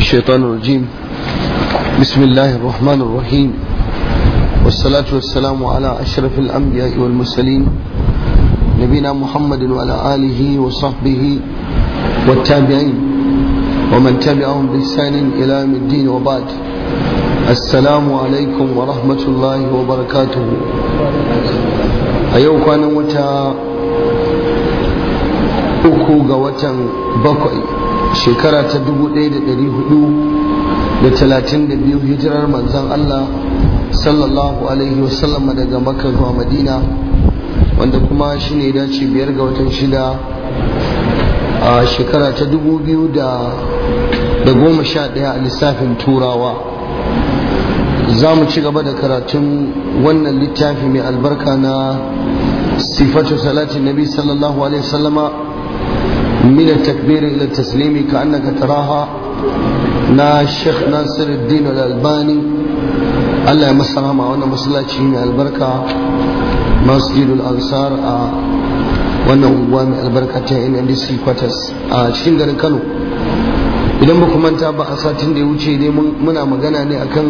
الشيطان الرجيم بسم الله الرحمن الرحيم والصلاة والسلام على أشرف الأنبياء والمرسلين نبينا محمد وعلى آله وصحبه والتابعين ومن تبعهم بإحسان إلى يوم الدين وبعد السلام عليكم ورحمة الله وبركاته أيوك أنا متى أكو وتن بقي shekara ta 1432 hijirar manzan Allah sallallahu alaihi wasallam daga makka zuwa madina wanda kuma shi ne dace biyar ga watan shida a shekara ta 2011 a lissafin turawa za mu ci gaba da karatun wannan littafi mai albarka na sifatu salatin nabi sallallahu alaihi wasallama من التكبير إلى التسليم كأنك تراها نا الشيخ ناصر الدين الألباني الله يمسنا مع وانا مسلاتي من البركة مسجد الأنصار وانا وامي البركة تاين اندي سي كواتس cikin garin Kano idan ba manta ba a satin da ya wuce dai muna magana ne akan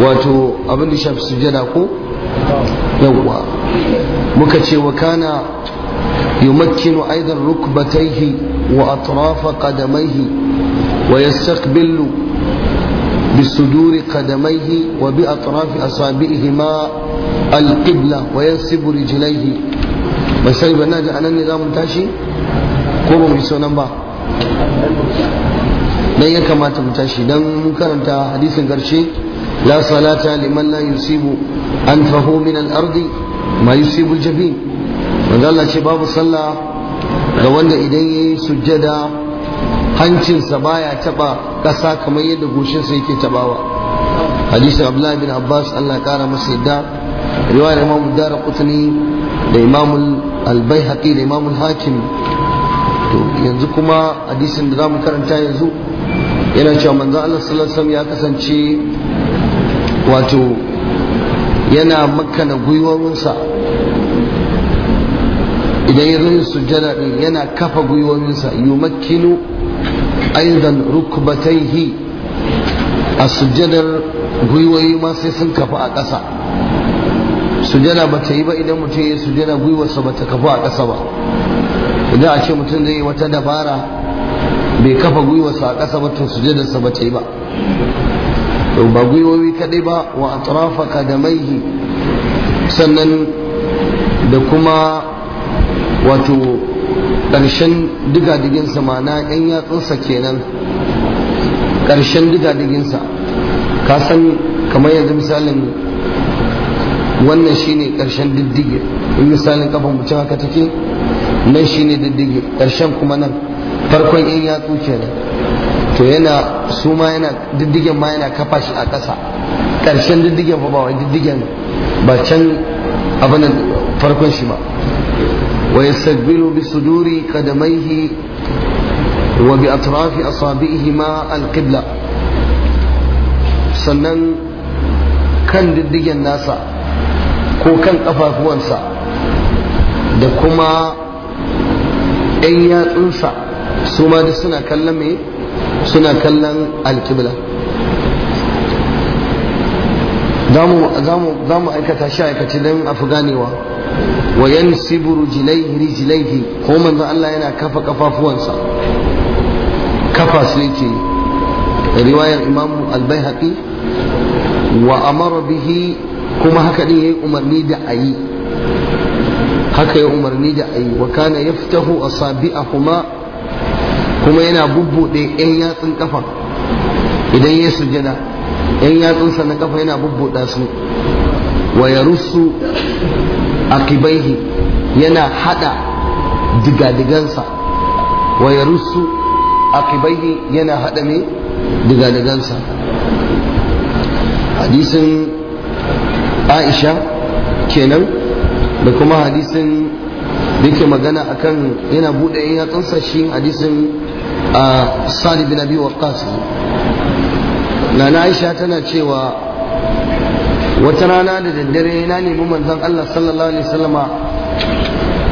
wato abin da shafi sujada ko yawwa muka ce wa kana يمكن أيضا ركبتيه وأطراف قدميه ويستقبل بصدور قدميه وبأطراف أصابعهما القبلة وينسب رجليه بسالي بناجة أنا النظام تاشي كوبا مجسونا با dan ya kamata mu tashi dan mun karanta hadisin karshe la salata liman la yusibu anfahu min al-ardi ma yusibu al-jabin Allah ce babu sallah ga wanda idan ya yi sujjada hancinsa baya taba ƙasa kamar yadda goshinsa yake tabawa hadisi abdullahi bin abbas allah kara masa yadda riwayar imam dara kutani da imam albai haƙi da imam hakim to yanzu kuma hadisin da za mu karanta yanzu yana cewa manzo allah sallallahu ya kasance wato yana makana gwiwowinsa idan ya zo yin sujjada din yana kafa yi yumakkinu aidan rukbataihi a sujjadar gwiwoyi ma sai sun kafa a ƙasa sujjada ba ta yi ba idan mutum ya yi sujjada gwiwarsa ba ta kafa a ƙasa ba idan a ce mutum zai yi wata dabara bai kafa gwiwarsa a ƙasa ba to sujjadarsa ba ta yi ba ba gwiwoyi kaɗai ba wa da kadamaihi sannan da kuma wato ƙarshen digadiginsa ma'ana yan yatsunsa kenan ƙarshen digadiginsa ka san kamar yanzu misalin wannan shine ƙarshen diddige in misalin kafan mutum haka take nan shine diddige ƙarshen kuma nan farkon yan yatsu kenan to yana su ma yana diddigen ma yana kafa shi a ƙasa ƙarshen diddigen fa ba wai diddigen ba can abin farkon shi ba wa yastaqbilu bi suduri kadamaihi wa bi atrafi asabihi ma alqibla sannan kan diddigen nasa ko kan kafafuwansa da kuma ɗan yatsunsa su ma duk suna kallon me suna kallon alkibla za mu aikata shi aikace don afi ganewa wa yansibu rijlaihi rijlaihi ko manzo Allah yana kafa kafafuwansa kafa su yake riwayar Imam Al-Baihaqi wa amara bihi kuma haka din yayi umarni da ayi haka ya umarni da ayi wa kana yaftahu asabi'ahuma kuma yana bubbude yan yatsun kafa idan ya sujada yan yatsunsa na kafa yana bubbuda su wa yarussu Akibaihi yana hada digadigansa wa yarussu akibaihi yana hada me digadigansa hadisin Aisha kenan da kuma hadisin da yake magana akan yana bude in yatsunsa shi hadisin a Sa'd bin Abi Waqqas na Aisha tana cewa wata rana da daddare na nemi manzon Allah sallallahu alaihi wasallama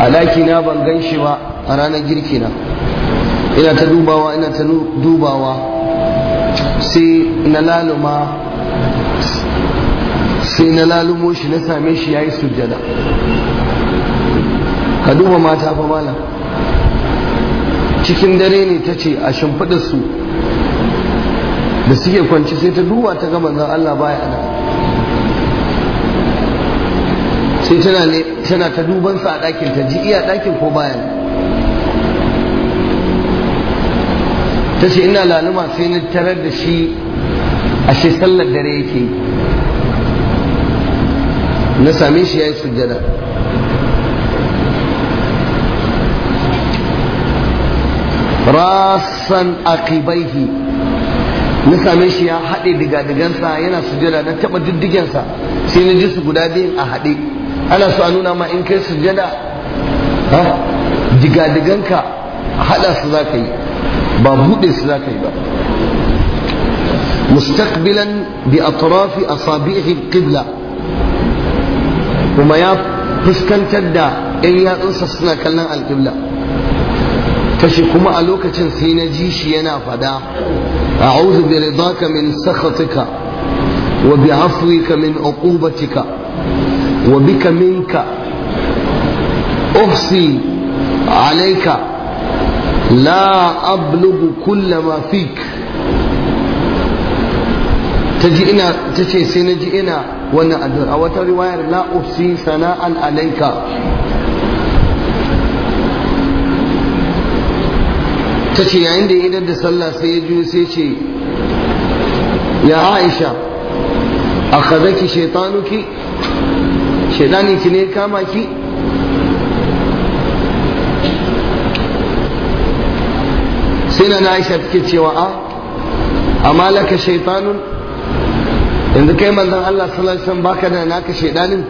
a daki na ban gan shi ba a ranar girki na ina ta dubawa ina ta dubawa sai na laluma sai na lalumo shi na same shi yayi sujjada ka duba mata fa malam cikin dare ne ta ce a shimfiɗa su da suke kwanci sai ta duba ta ga manzon Allah baya nan sai tana ta duban sa a ɗakin ta ji iya ɗakin ko bayan ta ce ina laluma sai na tarar da shi ashe sallar dare yake na same shi ya yi sujjada rasan akibaihi na same shi ya haɗe diga-digansa yana sujjada na taɓa diddigensa sai na ji su guda biyun a haɗe ana so a nuna ma in kai sujada ha digadiganka hada su za ka yi ba buɗe su za ka yi ba مستقبلا بأطراف أصابعه qibla kuma ya fuskantar da ‘yan yatsunsa suna kallon alƙibla tashi kuma a lokacin sai na ji shi yana fada a auzu bi ridaka min sakhatika wa bi afwika min uqubatika wa bika minka uhsi alaika la ablugu kulla ma ta ce sai na ji ina wannan addu'ar a wata riwayar la uhsi sana'ar alaika ta ce yayin da ya idar da sallah sai ya juyo sai ce ya aisha a kazaki shaitanuki shaidani ki ne kama ki sai na Aisha take cewa a ah, amma shaitanun yanzu kai manzon Allah sallallahu alaihi baka da naka shaidanin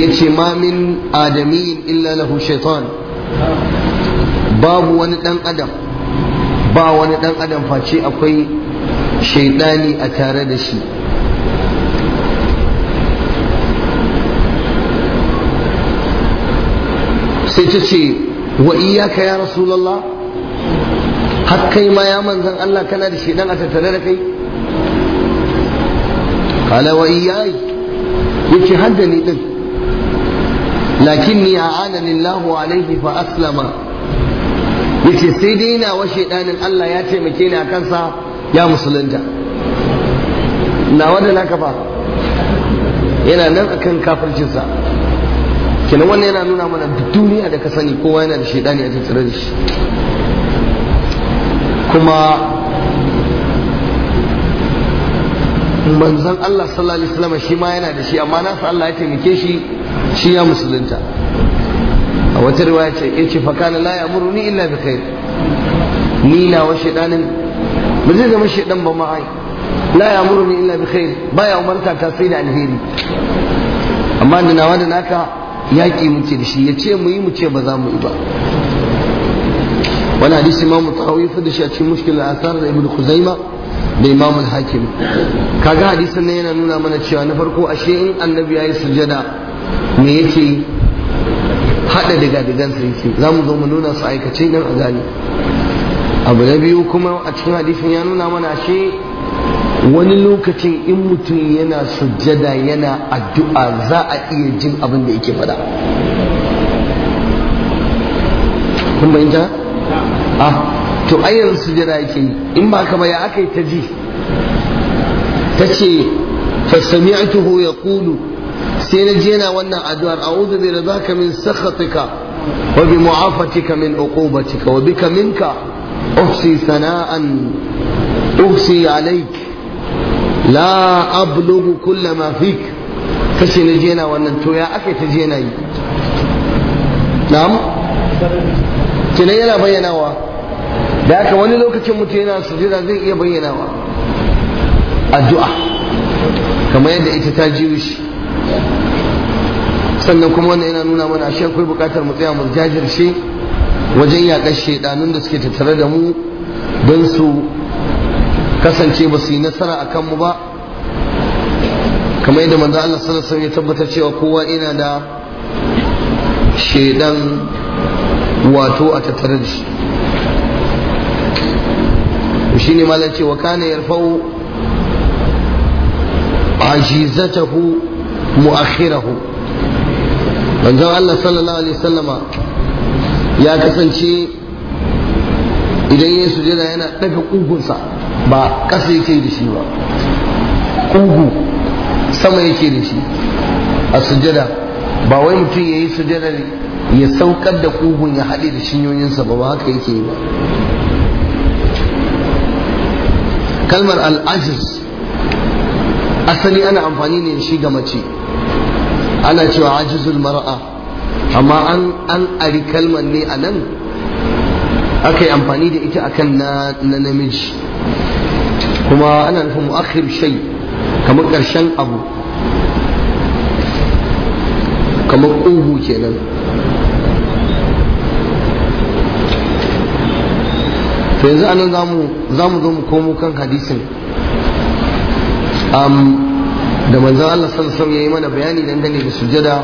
yace ma min adamiyin illa lahu shaitan babu wani dan adam ba wani dan adam face akwai shaidani a tare da shi sai ta ce wa iyaka ya rasulallah har kai ma ya manzan Allah kana da shedan a tattare da kai kala wa iyai yace hadda ni din lakinni a'ana lillahu alaihi fa aslama yace sai dai na wa shedanin Allah ya taimake ni akan sa ya musulunta Na wanda naka fa yana nan akan kafircinsa kenan wannan yana nuna mana duniya da ka sani kowa yana da shaidani a tattare da shi kuma manzon Allah sallallahu alaihi wasallam shi ma yana da shi amma nasu Allah ya taimake shi shi ya musulunta a wata riwaya ce yace fa kana la ya'muruni illa bi khair ni na wa shaidanin ba zai zama shaidan ba ma ai la ya'muruni illa bi khair ya umarta ta sai da alheri amma da nawa da naka yaƙi muke da shi ya ce mu yi mu ce ba za mu yi ba wani hadisi ma mu tahawi yi da shi a cikin mushkil a athar da ibn khuzaima da imam al-hakim kaga hadisin nan yana nuna mana cewa na farko ashe in annabi yayi sujada me yake haɗa daga digan sa yake za mu zo mu nuna su aikace nan a gani abu na biyu kuma a cikin hadisin ya nuna mana ashe wani lokacin in mutum yana sujjada yana addu'a za a iya jin abin da yake fada kun bayyanta ah, to sujjada yake in ba ka ba ya aka yi ta ji ta ce ya yaqulu sai na je yana wannan addu'ar a'udhu bi ka min sakhatika wa bi mu'afatika min uqubatika wa bika minka أحصي ثناء أحصي la ablugu kulla ma fik kace na jena wannan to ya ake ta jena yi na'am kina yana bayyanawa da haka wani lokacin mutum yana sujada zai iya bayyanawa addu'a kamar yadda ita ta ji shi sannan kuma wannan yana nuna mana ashe akwai bukatar mu tsaya mu jajirce wajen yaƙar shaidanun da suke tattare da mu don su kasance ba su yi nasara a kanmu ba kamar yadda manzo Allah sallallahu alaihi ya tabbatar cewa kowa ina da shedan wato a tattare da shi shi shine malam cewa kana yarfau ajizatahu mu'akhirahu manzon Allah sallallahu alaihi wasallama ya kasance idan ya sujada yana daga kugunsa ba ƙasa yake da shi ba ƙugu sama yake da shi a sujada ba wai mutum ya yi sujada ya saukar da ƙugun ya haɗe da shinyoyinsa ba ba haka yake ba kalmar al'ajiz asali ana amfani ne shi ga mace ana cewa ajizul mar'a amma an an ari kalmar ne a nan aka yi amfani da ita akan na namiji kuma ana nufin mu'akhir shay kamar ƙarshen abu kamar ƙugu kenan to yanzu anan za mu zo mu komo kan hadisin da manzan Allah sallallahu ya yi mana bayani dangane da sujada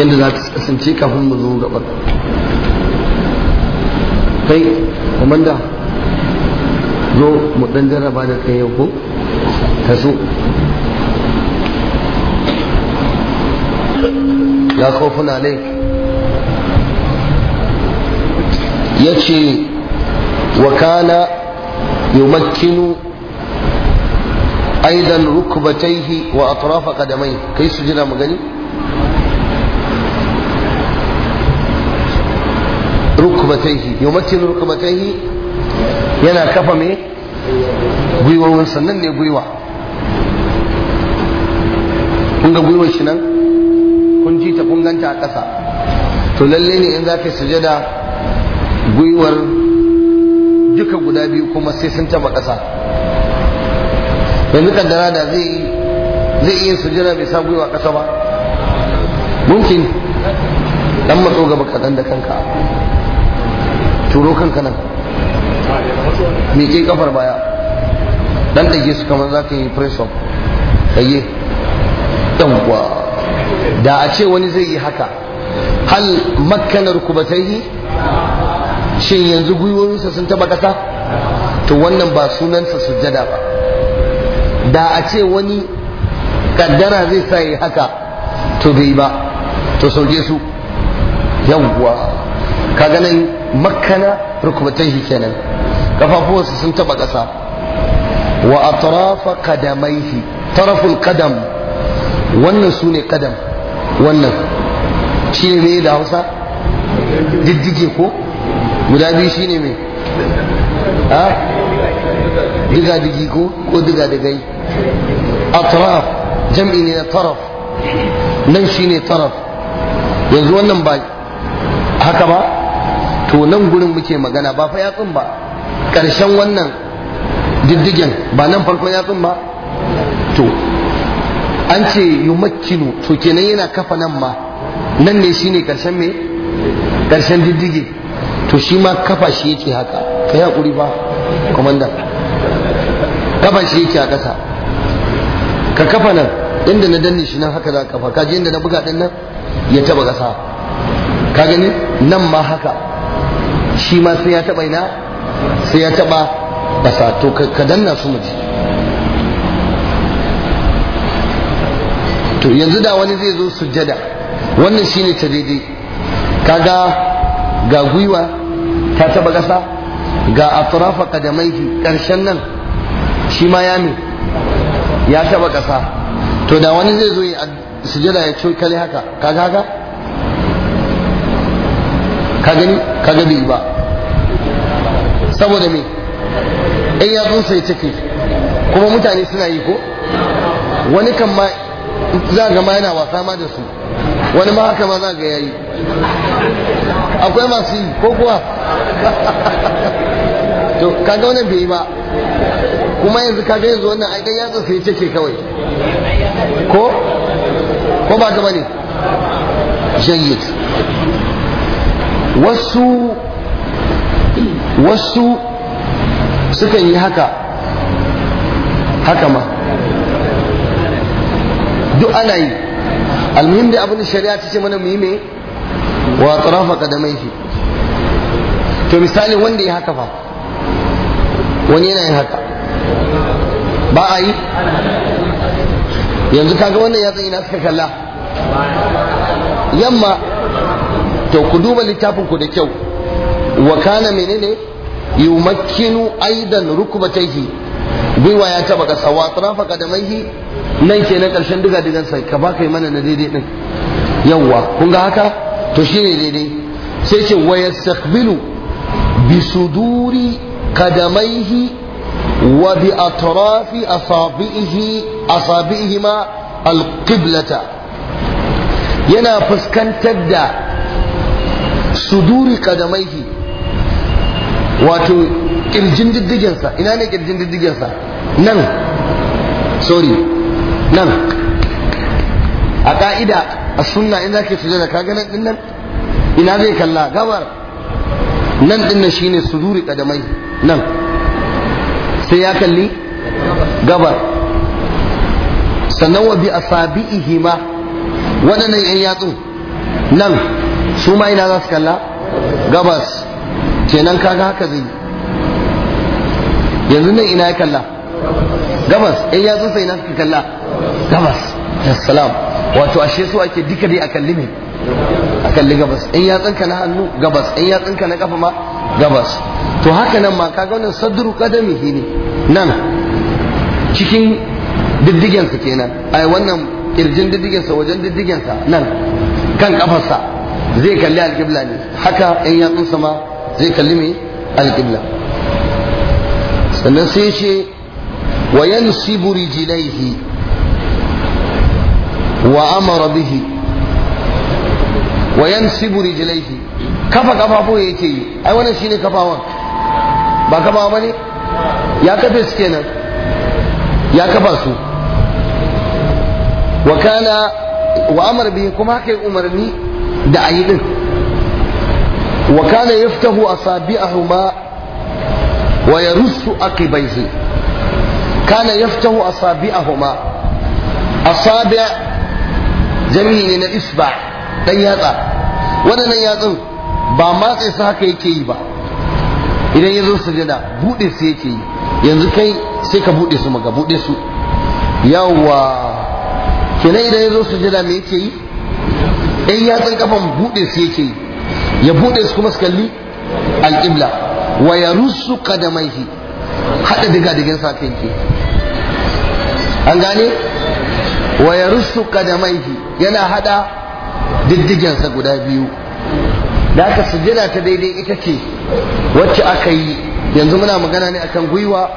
yadda za ta kasance kafin mu zo gaba kai komanda zo mu dan jarraba da kai yau ko taso la khawfun alayk yace wa kana yumakkinu aidan rukbatayhi wa atraf qadamayhi kai su jira magani rukbatayhi yumakkinu rukbatayhi yana kafa me gwiwowin sannan ne gwiwa kun ga gwiwar shi nan kun ji ta kun ganta a ƙasa to lalle ne in za ka sujada gwiwar duka guda biyu kuma sai sun taba ƙasa yanzu kaddara da zai zai iya sujada bai sa gwiwa ƙasa ba mumkin dan matso gaba kaɗan da kanka turo kanka nan mike kafar baya dan da su kamar za ka yi press up dage kuwa da a ce wani zai yi haka hal makkana yi shin yanzu gwiwoyinsa sun taba kasa to wannan ba sunansa sujjada ba da a ce wani kaddara zai sa yi haka to bai ba to sauke su yawwa kaga nan makkana rukubataihi kenan kafafuwansa sun taba ƙasa wa atrafa kadamaihi taraful kadam wannan su ne kadam wannan shi ne da Hausa diddige ko guda biyu shi ne mai a diga digi ko ko diga digai taraf jam'i ne na taraf nan shi ne taraf yanzu wannan ba haka ba to nan gurin muke magana ba fa yatsun ba ƙarshen wannan diddigen ba nan farkon yatsun ba to an ce yumakkinu to kenan yana kafa nan ma nan ne shine ƙarshen me ƙarshen diddige to shi ma kafa shi yake haka yi haƙuri ba komanda kafa shi yake a ƙasa ka kafa nan inda na danne shi nan haka za kafa kaji inda na buga ɗin nan ya taba ƙasa ka gani nan ma haka shi ma sai ya taba ina sai ya taba kasa to ka danna su miji to yanzu da wani zai zo sujjada wannan shine ta daidai kaga ga gwiwa ta taba kasa ga atrafa qadamaihi karshen nan shi ma ya me ya taba kasa to da wani zai zo ya sujada ya ci kale haka kaga haka ka gani ka bai ba saboda me in ya zo sai ciki kuma mutane suna yi ko wani kan ma za ga ma yana wasa ma da su wani ma haka ma za ga yayi akwai masu yi ko kuwa to kaga wannan bai yi ba kuma yanzu kaga yanzu wannan ai dan yatsa sai cike kawai ko ko ba ka bane jayyid wasu wasu suka yi haka haka ma duk ana yi almuhim da abin da shari'a ta ce mana mu yi me wa tsarafa maifi, to misali wanda ya haka fa wani yana yin haka ba a yi yanzu kaga wannan ya zai na suka kalla yamma to ku duba littafin ku da kyau wa kana menene yumakkinu aidan rukbatayhi gwiwa ya taba kasa wa tarafa kadamaihi nan kenan karshen duga digan sai ka baka yi mana na daidai din yawa kun ga haka to shine daidai sai ce wa yastaqbilu bi suduri kadamaihi wa bi atrafi asabihi asabihima alqiblata yana fuskantar da suduri kadamaihi wato kirjin diddigensa ina ne kirjin diddigensa nan sorry nan a ka'ida a sunna in zaka sujada kaga nan din nan ina zai kalla gabar nan din nan shine suduri kadamai nan sai ya kalli gabar sannan wa bi asabi'ihima waɗannan yan yatsun nan su ma ina za su kalla gabas kenan kaga haka zai yanzu nan ina ya kalla gabas In ya zo sai na suka kalla gabas assalam wato ashe su ake duka dai a kalli ne? a kalli gabas in ya tsinka na hannu gabas in ya tsinka na kafa ma gabas to haka nan ma kaga wannan sadru qadamihi ne nan cikin diddigensa kenan ai wannan kirjin diddigensa wajen diddigensa nan kan kafarsa zai kalli alƙibla ne haka in ya tsinsa ma zai kalli mai alƙibla sannan sai ce wa yansibu laifi wa amara bihi wa yansibu laifi kafa kafafo ke yi ai wannan ne kafawan ba kafa ba ne ya kafe su kenan ya kafa su wa kana wa amara bihi kuma haka yi umarni da ayi din wa kana yaftahu asabi'ahuma wa yarussu aqibaihi kana yaftahu asabi'ahuma asabi' jami'i ne na isba dan yatsa wadannan yatsun ba matsayi su haka yake yi ba idan ya zo sujada bude su yake yi yanzu kai sai ka bude su maga bude su yawwa kenan idan ya zo sujada me yake yi ɗan yatsun kafan bude su yake yi ya buɗe su kuma su kalli alƙibla wa ya rusu kadamaihi haɗa diga digin sa kai ke an gane wa ya rusu kadamaihi yana haɗa diddigensa guda biyu da aka sujjada ta daidai ita ce wacce aka yi yanzu muna magana ne akan gwiwa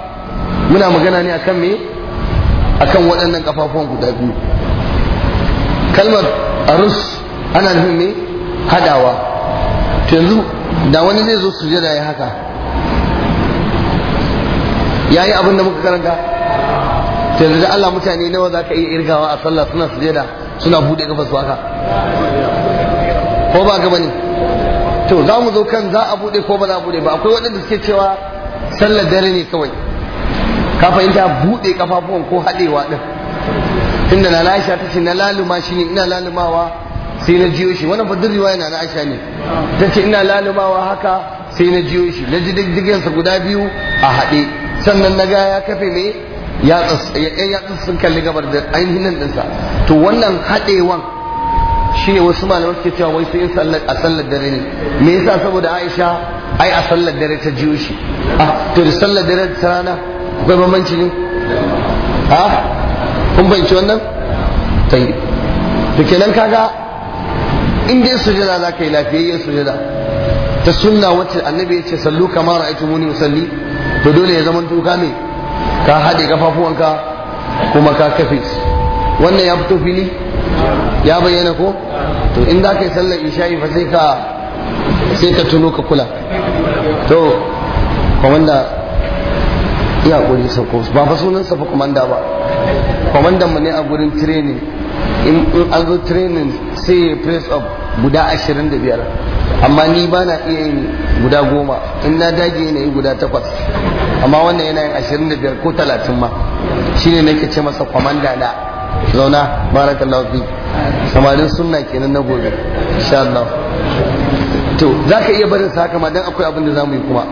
muna magana ne akan me akan waɗannan kafafuwan guda biyu kalmar arus ana nufin me hadawa yanzu da wani zai zo sujada ya haka ya yi abin da muka karanta yanzu da Allah mutane nawa za ka iya irgawa a sallah suna sujada suna buɗe kafa su haka ko ba gaba ne to za mu zo kan za a buɗe ko ba za a buɗe ba akwai waɗanda suke cewa sallar dare ne kawai ka fahimta buɗe kafafuwan ko haɗewa ɗin inda na Aisha ta ce na laluma shi ne ina lalumawa sai na jiyo shi wannan fadin riwaya na Aisha ne ta ce ina lalubawa haka sai na jiyo shi na ji diddigensa guda biyu a haɗe sannan na ga ya kafe me ya yatsa sun kalli gabar da ainihin nan ɗinsa to wannan haɗewan shine wasu malamai suke cewa wai sai sallar a sallar dare ne me yasa saboda Aisha ai a sallar dare ta jiyo shi a ah, to da sallar dare ta rana akwai bambanci ne ha ah, kun bayyance wannan tayyib to kenan kaga in dai sujada za ka yi lafiyayyen sujada ta sunna wacce annabi ya ce sallu kama ra'aytu muni musalli. to dole ya zama tuka ne? ka haɗe kafafuwanka kuma ka kafe wannan ya fito fili ya bayyana ko to in za ka yi sallar isha'i fa sai ka sai ka tuno ka kula to kwamanda ya ƙuri sauko ba fa sunansa fa kwamanda ba kwamandan mu ne a gurin training in an zo training sai ya press up guda ashirin da biyar amma ni ba na iya yin guda goma in na dage yana yi guda takwas amma wannan yana yin ashirin da biyar ko talatin ma shine nake ce masa kwamanda na zauna barakallahu fi samarin sunna kenan na gobe insha Allah to za ka iya barin sa haka ma dan akwai abin da za mu yi kuma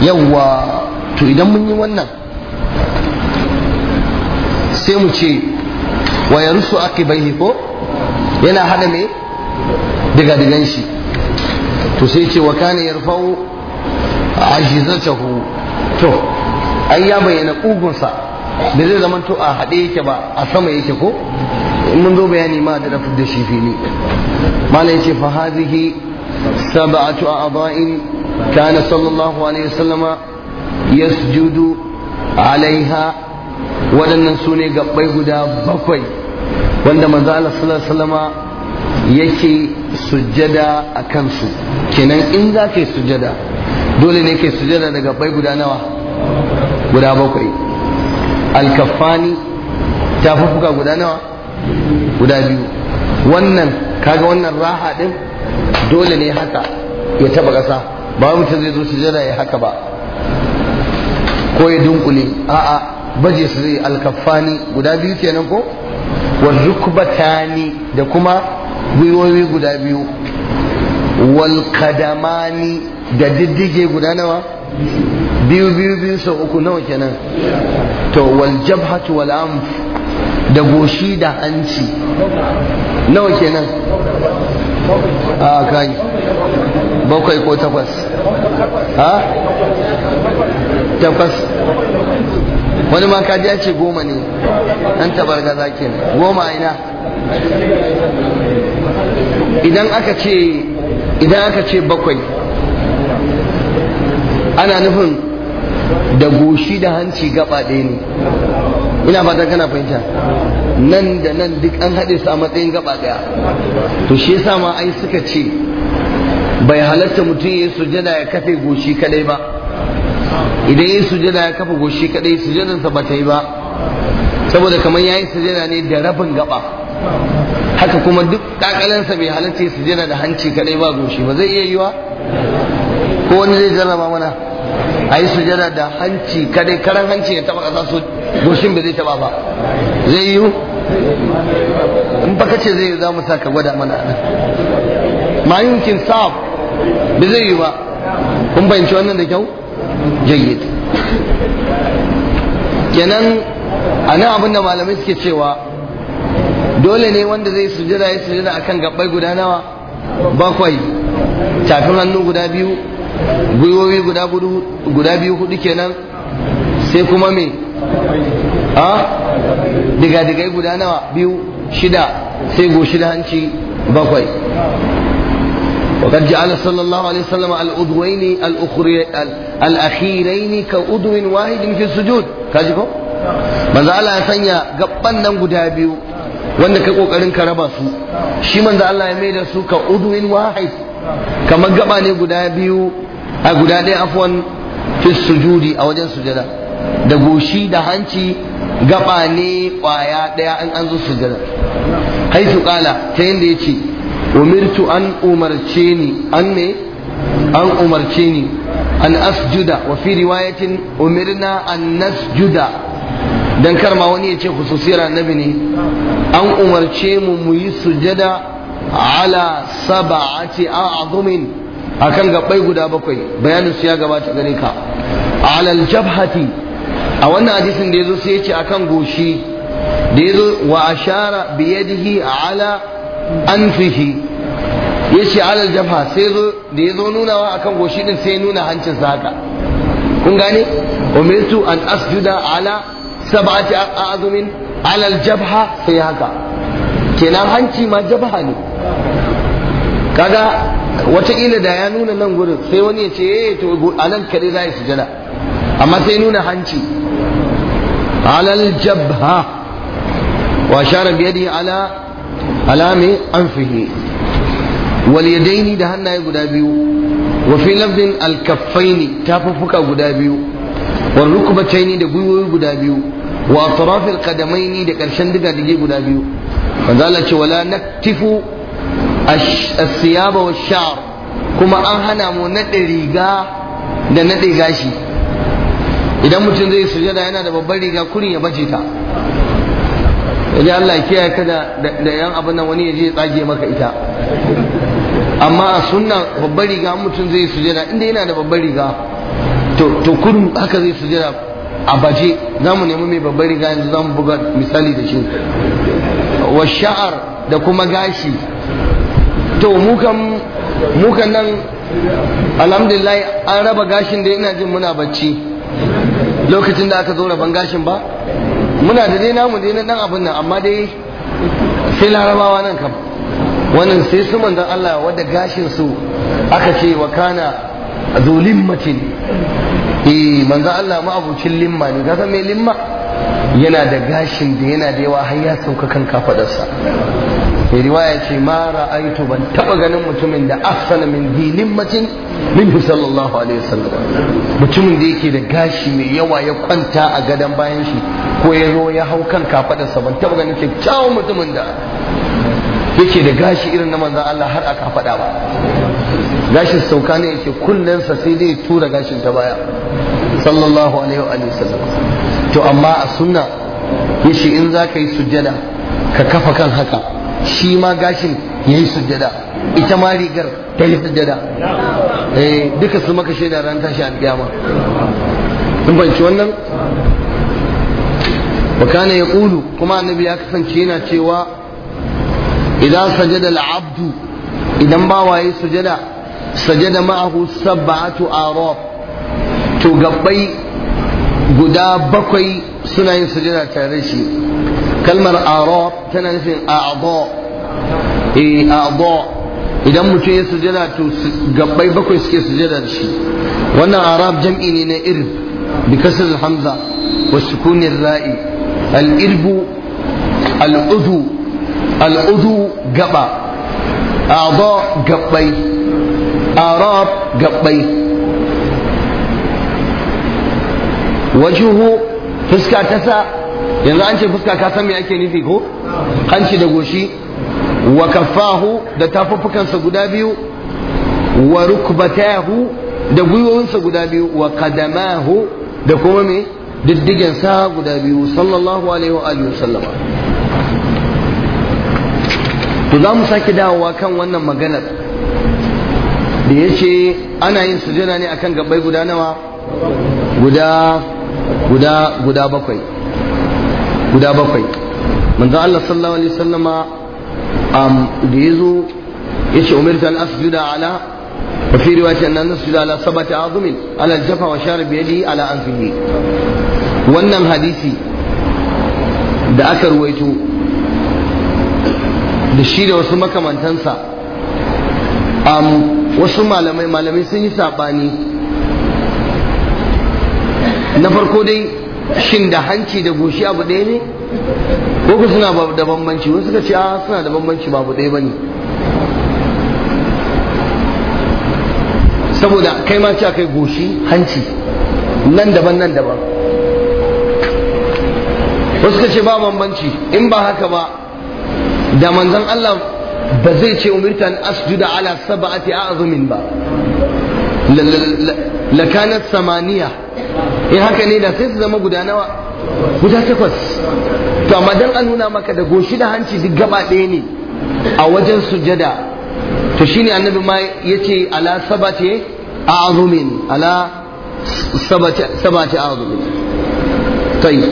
yawwa to idan mun yi wannan sai mu ce wa ya rusu akibaihi ko yana hada mai daga digan shi to sai ce wa kana yarfau ajizatahu to ai ya bayyana kugunsa da zai zama to a haɗe yake ba a sama yake ko mun zo bayani ma da rafi da shi fili malai ce fa hadhihi sab'atu a'dha'in kana sallallahu alaihi wasallama yasjudu alaiha waɗannan su ne gabbai guda bakwai wanda manzo Allah sallallahu yake sujjada a kansu kenan in za ka yi sujjada dole ne ka yi sujjada da gabbai guda nawa guda bakwai alkafani tafufuka guda nawa guda biyu wannan kaga wannan raha din dole ne haka ya taba ƙasa ba mutum zai zo sujjada ya haka ba ko ya dunkule a'a baje su zai alkafani guda biyu kenan ko wal rukbatani da kuma gwiwowi guda biyu wal kadamani da diddige guda nawa biyu biyu biyu sau uku nawa kenan to wal jabhatu wal amf da goshi da hanci nawa kenan a kai bakwai ko takwas ha takwas wani ma ka ce goma ne dan tabargaza zakin. goma ina idan aka ce idan aka ce bakwai ana nufin da goshi da hanci gaba ɗaya ne ina fatan kana fahimta nan da nan duk an haɗe su a matsayin gaba ɗaya to shi yasa ma ai suka ce bai halatta mutum ya yi sujada ya kafe goshi kadai ba idan yi sujada ya kafa goshi kadai sujadansa ba ta yi ba saboda kamar ya yi sujada ne da rabin gaba haka kuma duk sa bai halarci sujada da hanci kadai ba goshi ba zai iya yiwa ko wani zai jarraba mana a yi sujada da hanci kadai karan hanci ya taba kasa so goshin bai zai taba ba zai yiwu in baka ce zai za mu sa ka gwada mana nan ma yunkin sa zai yi ba kun fahimci wannan da kyau jayyid kenan a nan abinda malamai suke cewa dole ne wanda zai sujada ya sujada akan gabbai guda nawa bakwai tafin hannu guda biyu gwiwowi guda biyu hudu kenan sai kuma me a diga-digai guda nawa biyu shida sai go shida hanci bakwai وقد sallallahu alaihi الله عليه ne الأذوين al-akhiraini ka udwin wahidin fi sujud ji ko manzo Allah ya sanya gabban nan guda biyu wanda ka kokarin ka raba su shi manzo Allah ya da su ka udwin wahid kamar gaba ne guda biyu a guda ɗaya afwan fi sujudi a wajen sujada da goshi da hanci gaba ne kwaya ɗaya an an zo sujada haisu kala ta yanda ya ce umirtu an umarce ni an ne an umarce ni an asjuda wa fi riwayatin umirna an nasjuda dan kar ma wani ya ce khususiyar annabi ne an umarce mu mu yi sujada ala sab'ati a'zumin akan gabbai guda bakwai bayanin su ya gabata gare ka ala aljabhati a wannan hadisin da yazo sai yace ce akan goshi da yazo wa ashara yadihi ala anfihi ya ce alal jafa sai da ya zo nunawa akan goshi din sai nuna hancinsa haka kun gane umirtu an asjuda ala sab'ati a'zumin alal jabha sai haka kenan hanci ma jabha ne kaga watakila da ya nuna nan gurin sai wani ya ce eh to a kare za yi sujada amma sai nuna hanci alal jabha wa shara biyadi ala alame anfihi wal yadaini da hannaye guda biyu wa fi lafdin al kaffaini tafuffuka guda biyu wal rukbataini da gwiwoyi guda biyu wa atraf al qadamaini da karshen diga dige guda biyu manzo ce wala naktifu as-siyaba wash-sha'r kuma an hana mu naɗe riga da naɗe gashi idan mutum zai sujada yana da babbar riga kurin ya bace ta yaji Allah kiyaye ka da yan abin nan wani ya je tsage maka ita amma a sunna babbar riga mutum zai sujada inda yana da babbar riga to kudu haka zai sujada a baje za mu nemi mai babbar riga yanzu za mu buga misali da shi wa sha'ar da kuma gashi to mukan nan alhamdulillah an raba gashin da ina jin muna bacci lokacin da aka zo raban gashin ba muna da dai namu dai na dan abin nan amma dai sai larabawa nan kam wannan sai su manzon Allah wadda gashin su aka ce wa kana zulimmatin eh manzon Allah ma abucin limma ne gasa mai limma yana da gashin da yana da yawa har ya sauka kan kafadarsa mai eh, riwaya ce ma ra'aitu ban taba ganin mutumin da afsana min dinin min sallallahu alaihi wasallam mutumin da yake da gashi mai yawa ya kwanta a gadon bayan shi ko ya zo ya hau kan kafadarsa ban taba ganin kyakkyawan mutumin da yake da gashi irin na manzan Allah har aka faɗa ba gashin sauka ne yake kunnensa sai dai tura gashin ta baya sallallahu alaihi wa sallam to amma a sunna yace in za yi sujjada ka kafa kan haka shi ma gashin ya yi sujjada ita ma rigar ta yi sujjada eh duka su maka shaida ran tashi kiyama kun fahimci wannan wa kana yaqulu kuma annabi ya kasance yana cewa idan sajada al'abdu idan bawa ya sujada sajada ma'ahu sab'atu araf to gabbai guda bakwai suna yin sujada tare shi kalmar araf tana nufin a'dha eh a'dha idan mutum ya sujada to gabbai bakwai suke sujada da shi wannan arab jam'i ne na irb hamza wa ra'i al al udu al'udu gaba a'adha gabbai arab gabbai wajuhu fuska ta sa yanzu an ce fuska ka san me ake nufi ko hanci da goshi wa kaffahu da tafuffukansa guda biyu wa rukbatahu da gwiwowinsa guda biyu wa kadamahu da kuma me diddigensa guda biyu sallallahu alaihi wa alihi to za mu sake dawowa kan wannan maganar da ya ce ana yin sujada ne akan gabai guda nawa guda guda guda bakwai guda bakwai manzo Allah sallallahu alaihi wasallama am da yazo yace umirtu an asjuda ala wa fi riwayati an asjuda ala sabati azumin ala jafa wa sharib yadi ala anfihi wannan hadisi da aka ruwaito da shi da wasu makamantansa wasu malamai malamai sun yi saɓani na farko dai shin da hanci da goshi abu ɗaya ne ko suna da bambanci wasu ka ce a suna da bambanci abu ɗaya ba ne saboda kai ma ce kai goshi hanci nan daban nan daban wasu ka ce ba bambanci in ba haka ba da manzon Allah ba zai ce umirta an asjuda ala sab'ati a'zumin ba lakanat samaniya in eh, haka ne da sai su zama guda nawa guda takwas to amma dan an nuna maka da goshi da hanci duk gaba ɗaya ne a wajen sujada to shine annabi ma yace ala sabati a'zumin ala sabati sabati a'zumin tayyib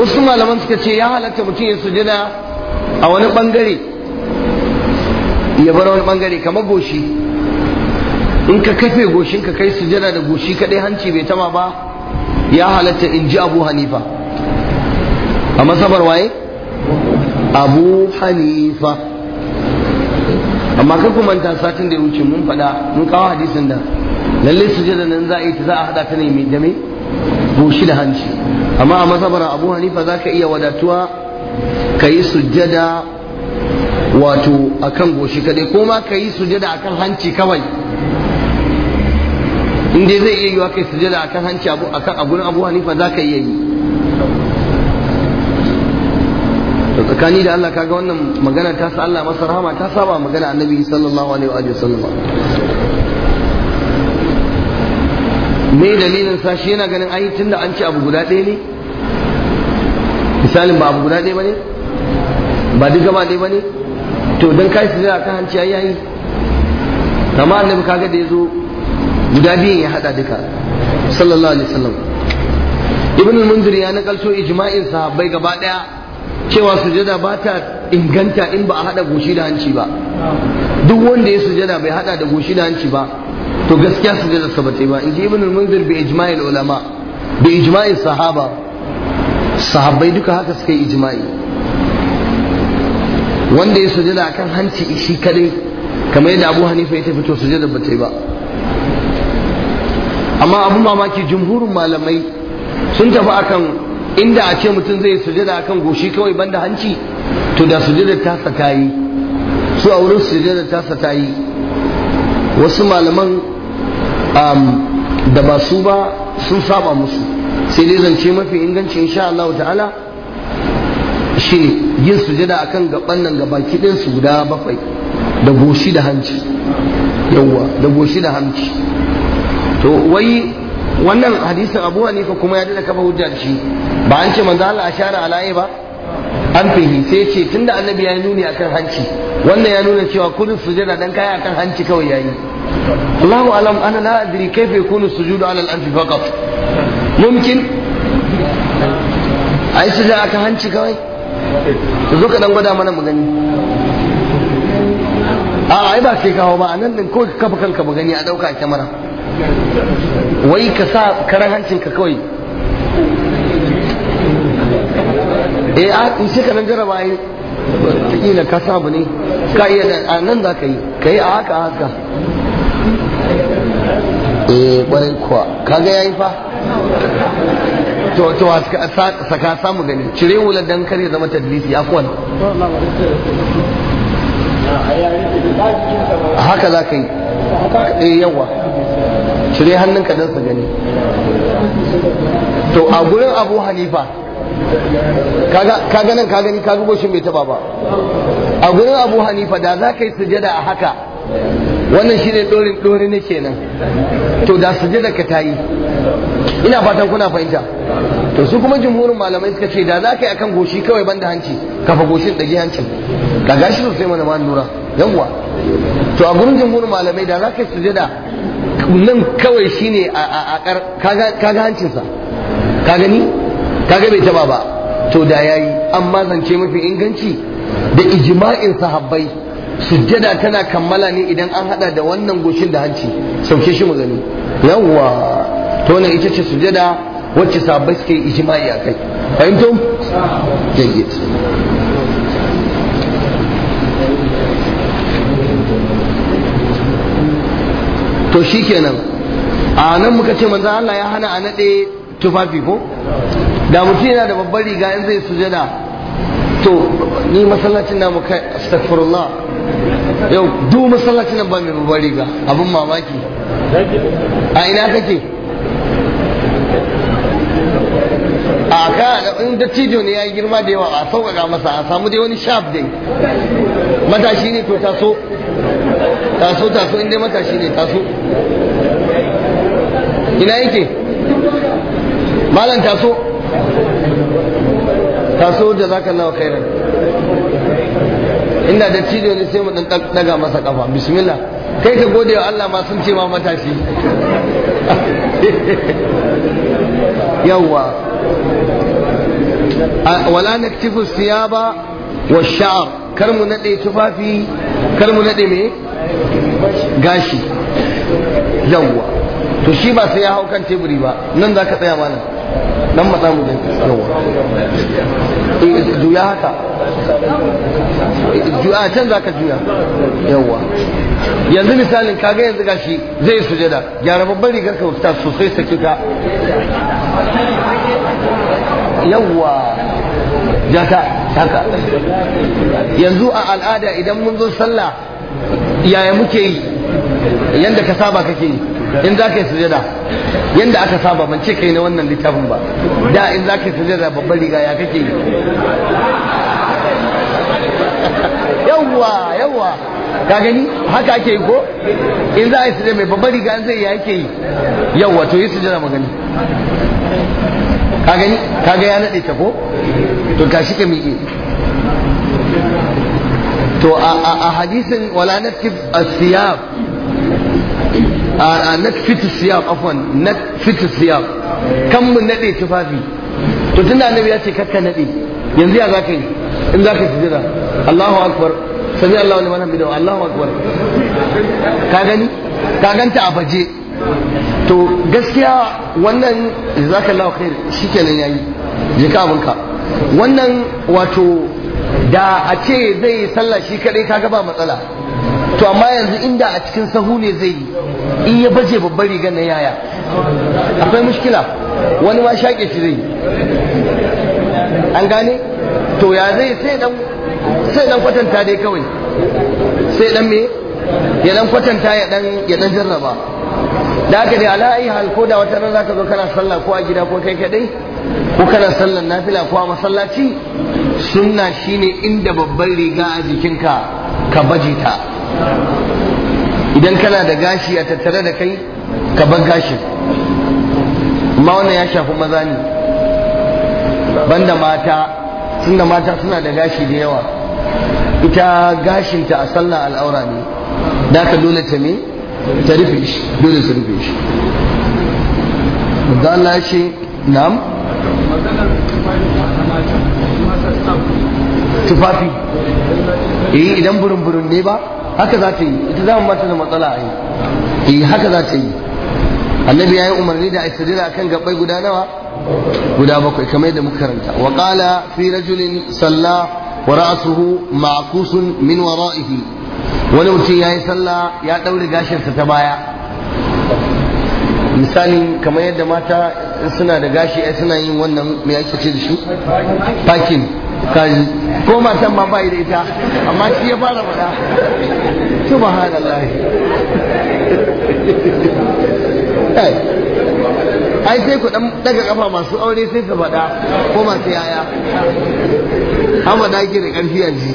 wasu malaman suka ce ya halatta mutum ya sujada a wani bangare ya bar wani bangare kamar goshi in ka kafe goshin ka kai sujada da goshi kadai hanci bai tama ba ya halatta in ji abu hanifa a masabar waye abu hanifa amma kan manta satin da ya wuce mun faɗa mun kawo hadisin da lallai sujada nan za a yi ta za a haɗa ta ne mai jami'i bushi da hanci amma a mazhabar abu hanifa za ka iya wadatuwa ka yi sujjada wato kan goshi ka dai kuma ka yi sujjada kan hanci kawai in zai iya yiwa kai sujjada kan hanci a abun abu hanifa za ka iya yi ta tsakani da Allah kaga wannan magana ta sa Allah masa rahama ta saba magana annabi sallallahu alaihi wa sallam me dalilin sa shi yana ganin ai tunda an ci abu guda ɗaya ne misalin ba abu guda ɗaya ba ne ba duka ba ɗaya ba ne to don kai su zira kan hanci yayi kama annabi kaga da yazo guda biyun ya hada duka sallallahu alaihi wasallam ibn munzir ya nakalto ijma'in sahabbai gaba daya cewa sujada ba ta inganta in ba a hada goshi da hanci ba duk wanda ya sujada bai hada da goshi da hanci ba to gaskiya su da bace ba in ji ibn al-munzir bi ijma'il ulama bi ijma'is sahaba sahabbai duka haka suka yi ijma'i wanda ya sujada akan hanci shi kadai kamar yadda abu hanifa ya tafi to sujada ba ba amma abu mamaki jumhurin malamai sun tafi akan inda a ce mutum zai sujada akan goshi kawai banda hanci to da sujada tasa ta yi su a wurin sujada tasa ta yi wasu malaman da ba su ba sun saba musu sai dai zance mafi inganci insha Allah ta'ala ne yin sujada akan gaban nan ga baki ɗin su guda bakwai da goshi da hanci yawwa da goshi da hanci to wai wannan hadisin Abu Hanifa kuma ya dada kafa hujja shi ba an ce manzo Allah ashara alai ba an fihi sai ce tunda annabi ya nuni akan hanci wannan ya nuna cewa kullun sujada dan kaya akan hanci kawai yayi Allahu alam ana la adri kayfa yakunu sujudu ala al-ardi faqat mumkin ai su da aka hanci kawai zo ka dan gwada mana mu gani a ai kawo ba anan ko kafa kanka mu a dauka a kamera wai ka sa karan hancin ka kawai eh a in sai ka nan jarraba ai kila ka sabu ne ka iya a nan za ka yi ka yi a haka haka eh kwarai kuwa kaga yayi fa to to saka samu gani cire wula dan kar ya zama tadlisi afwan haka za ka yi eh yawa cire hannunka dan sa gani to a gurin abu hanifa kaga nan kaga ni kaga goshin bai taba ba a gurin abu hanifa da za ka yi sujada a haka wannan shine dorin dore ne kenan to da sujada ka tayi ina fatan kuna fahimta to su kuma jumhurin malamai suka ce da za ka yi akan goshi kawai banda hanci kafa goshin ɗage hancin ga gashi sosai mana ma lura yawwa to a gurin jumhurin malamai da za ka yi da nan kawai shine a kar kaga hancinsa ka gani kaga bai taba ba to da yayi amma zance mafi inganci da ijma'in sahabbai sujjada tana kammala ne idan an hada da wannan goshin da hanci sauke shi mu gani yawwa to ne ita ce sujjada wacce sabai suke ijma'i a kai fahimtum jayyid to kenan a nan muka ce manzo Allah ya hana a nade tufafi ko da mutum yana da babbar riga in zai sujada to ni masallacin namu kai astaghfirullah yau du masallacin nan ba mai babbar riga abin mamaki a ina kake a ka in dattijo ne ya yi girma da yawa a sauƙaƙa masa a samu dai wani shaf dai matashi ne to taso taso taso in dai matashi ne taso ina yake malam taso taso da zaka nawa khairan inda da cizo ne sai mu dan daga masa kafa bismillah kai ka gode wa Allah ma sun ce ma matashi yawa wala naktifu siyaba wa sha'r kar mu nade tufafi kar mu nade me gashi yawa to shi ba sai ya hau kan teburi ba nan zaka tsaya malam dan matsa mu dan yawa eh, juya haka eh, juya can zaka juya yawa yanzu misalin kaga yanzu gashi zai sujada gyara babban rigar ka fita sosai saki ka yawa jaka haka yanzu a al'ada idan mun zo sallah yaya muke yi yanda ka saba kake yi in za ka yi sujada yadda aka saba ban ce kai na wannan littafin ba da in za ka yi sujada babbar riga ya kake yi yawwa yawwa ka gani haka ake yi ko in za a yi sujada mai babbar riga zai ya yake yi yawwa to yi sujada magani ka gani ka ga ya naɗe ta ko to ka shi ka miƙe to a hadisin wala kif asiyab nakfit siyab afwan nakfit siyab kan mun nade tufafi to tunda annabi ya ce kakka nade yanzu ya zaka yi in zaka jira Allahu akbar sami Allahu liman hamida Allahu akbar ka gani ka ganta a baje to gaskiya wannan jazakallahu khair shikenan yayi je ka abinka wannan wato da a ce zai sallah shi kadai kaga ba matsala to amma yanzu inda a cikin sahu ne zai yi in ya baje babbar rigar na yaya akwai mushkila wani ma shaƙe shi zai an gane to ya zai sai dan sai dan kwatanta dai kawai sai dan me ya dan kwatanta ya dan ya dan jarraba da haka dai ala ayi hal ko da wata ran zaka zo kana sallah ko a gida ko kai kadai ko kana sallar nafila ko a masallaci sunna shine inda babbar riga a jikinka ka baje ta idan kana da gashi a tattare da kai ka bar gashin amma wannan ya shafi maza ne banda mata da mata suna da gashi da yawa ita gashinta a sallah al'aura ne da ka dole ta me ta rufe shi dole su rufe shi da Allah shi nam tufafi eh idan burin burin ne ba haka za ta yi ita za mu da matsala a yi eh haka za ta yi annabi ya yi umarni da a kan gabbai guda nawa guda bakwai kamar yadda muka karanta wa qala fi rajulin salla wa ra'suhu ma'kusun min wara'ihi wani mutum ya yi sallah ya ɗaure gashinsa ta baya misali kamar yadda mata suna da gashi ai suna yin wannan me ake ce da shi Fakin. kaji ko matan ma bai da ita amma shi ya fara faɗa subhanallah ai sai ku dan daga kafa masu aure sai su faɗa ko masu yaya amma da ke da ƙarfi yanzu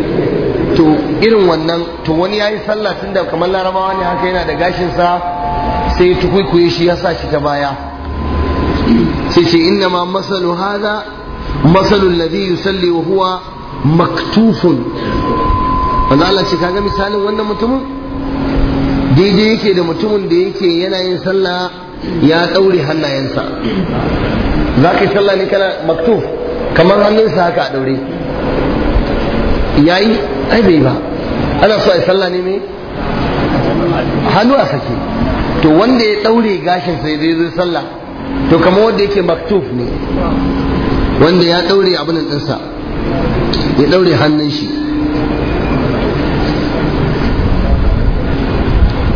to irin wannan to wani yayi yi sallah tun da kamar larabawa ne haka yana da gashin sa sai tukwikwaye shi ya sa shi ta baya sai ce inna ma masalu hada مثل الذي يصلي وهو مكتوف manzo Allah ce kaga misalin wannan mutumin daidai yake da mutumin da yake yana sallah ya daure hannayensa za ka sallah ne kana kamar hannunsa haka a daure yayi ai bai ba ana so a yi sallah ne me hannu a sake to wanda ya ɗaure gashin ya zai zai sallah to kamar wanda yake maktuf ne wanda ya ɗaure abin ɗansa, ya ɗaure hannun shi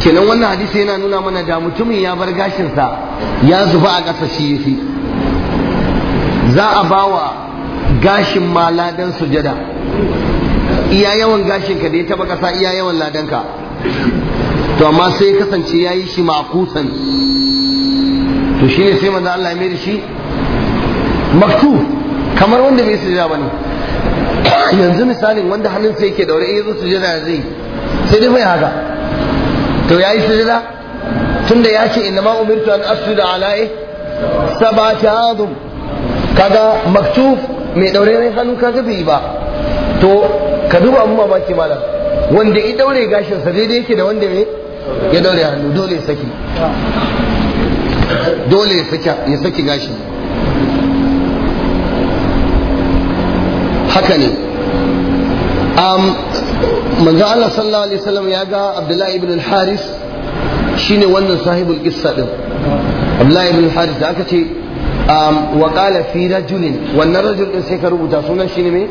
kenan wannan hadisi yana nuna mana da mutumin ya bar gashinsa ya zuba a ƙasa shi yafi za a bawa gashin ma ladan sujada iya yawan gashin ka da ya taba ƙasa iya yawan ladan ka to amma sai ya kasance ya yi shi ma kusan. to shi ne sai manzo Allah ya mai shi maktu kamar wanda bai sujada ba ne. yanzu misalin wanda hannun sai yake daure zo sujada ya zai sai dai mai haka to yayi sujada tunda ya ce inna ma umirtu an asjuda ala eh, sabati adum kaga maktu mai daure mai hannu kaga bai ba to ka duba ba mamaki malam wanda ya daure gashin sa daidai yake da wanda ya daure hannu dole ya saki dole ya saki gashin haka ne manzo Allah sallallahu alaihi wasallam ya ga Abdullahi ibn al-Haris shine wannan sahibul qissa din Abdullahi ibn al-Haris da aka ce wa qala fi rajulin wannan rajul din sai ka rubuta sunan shine me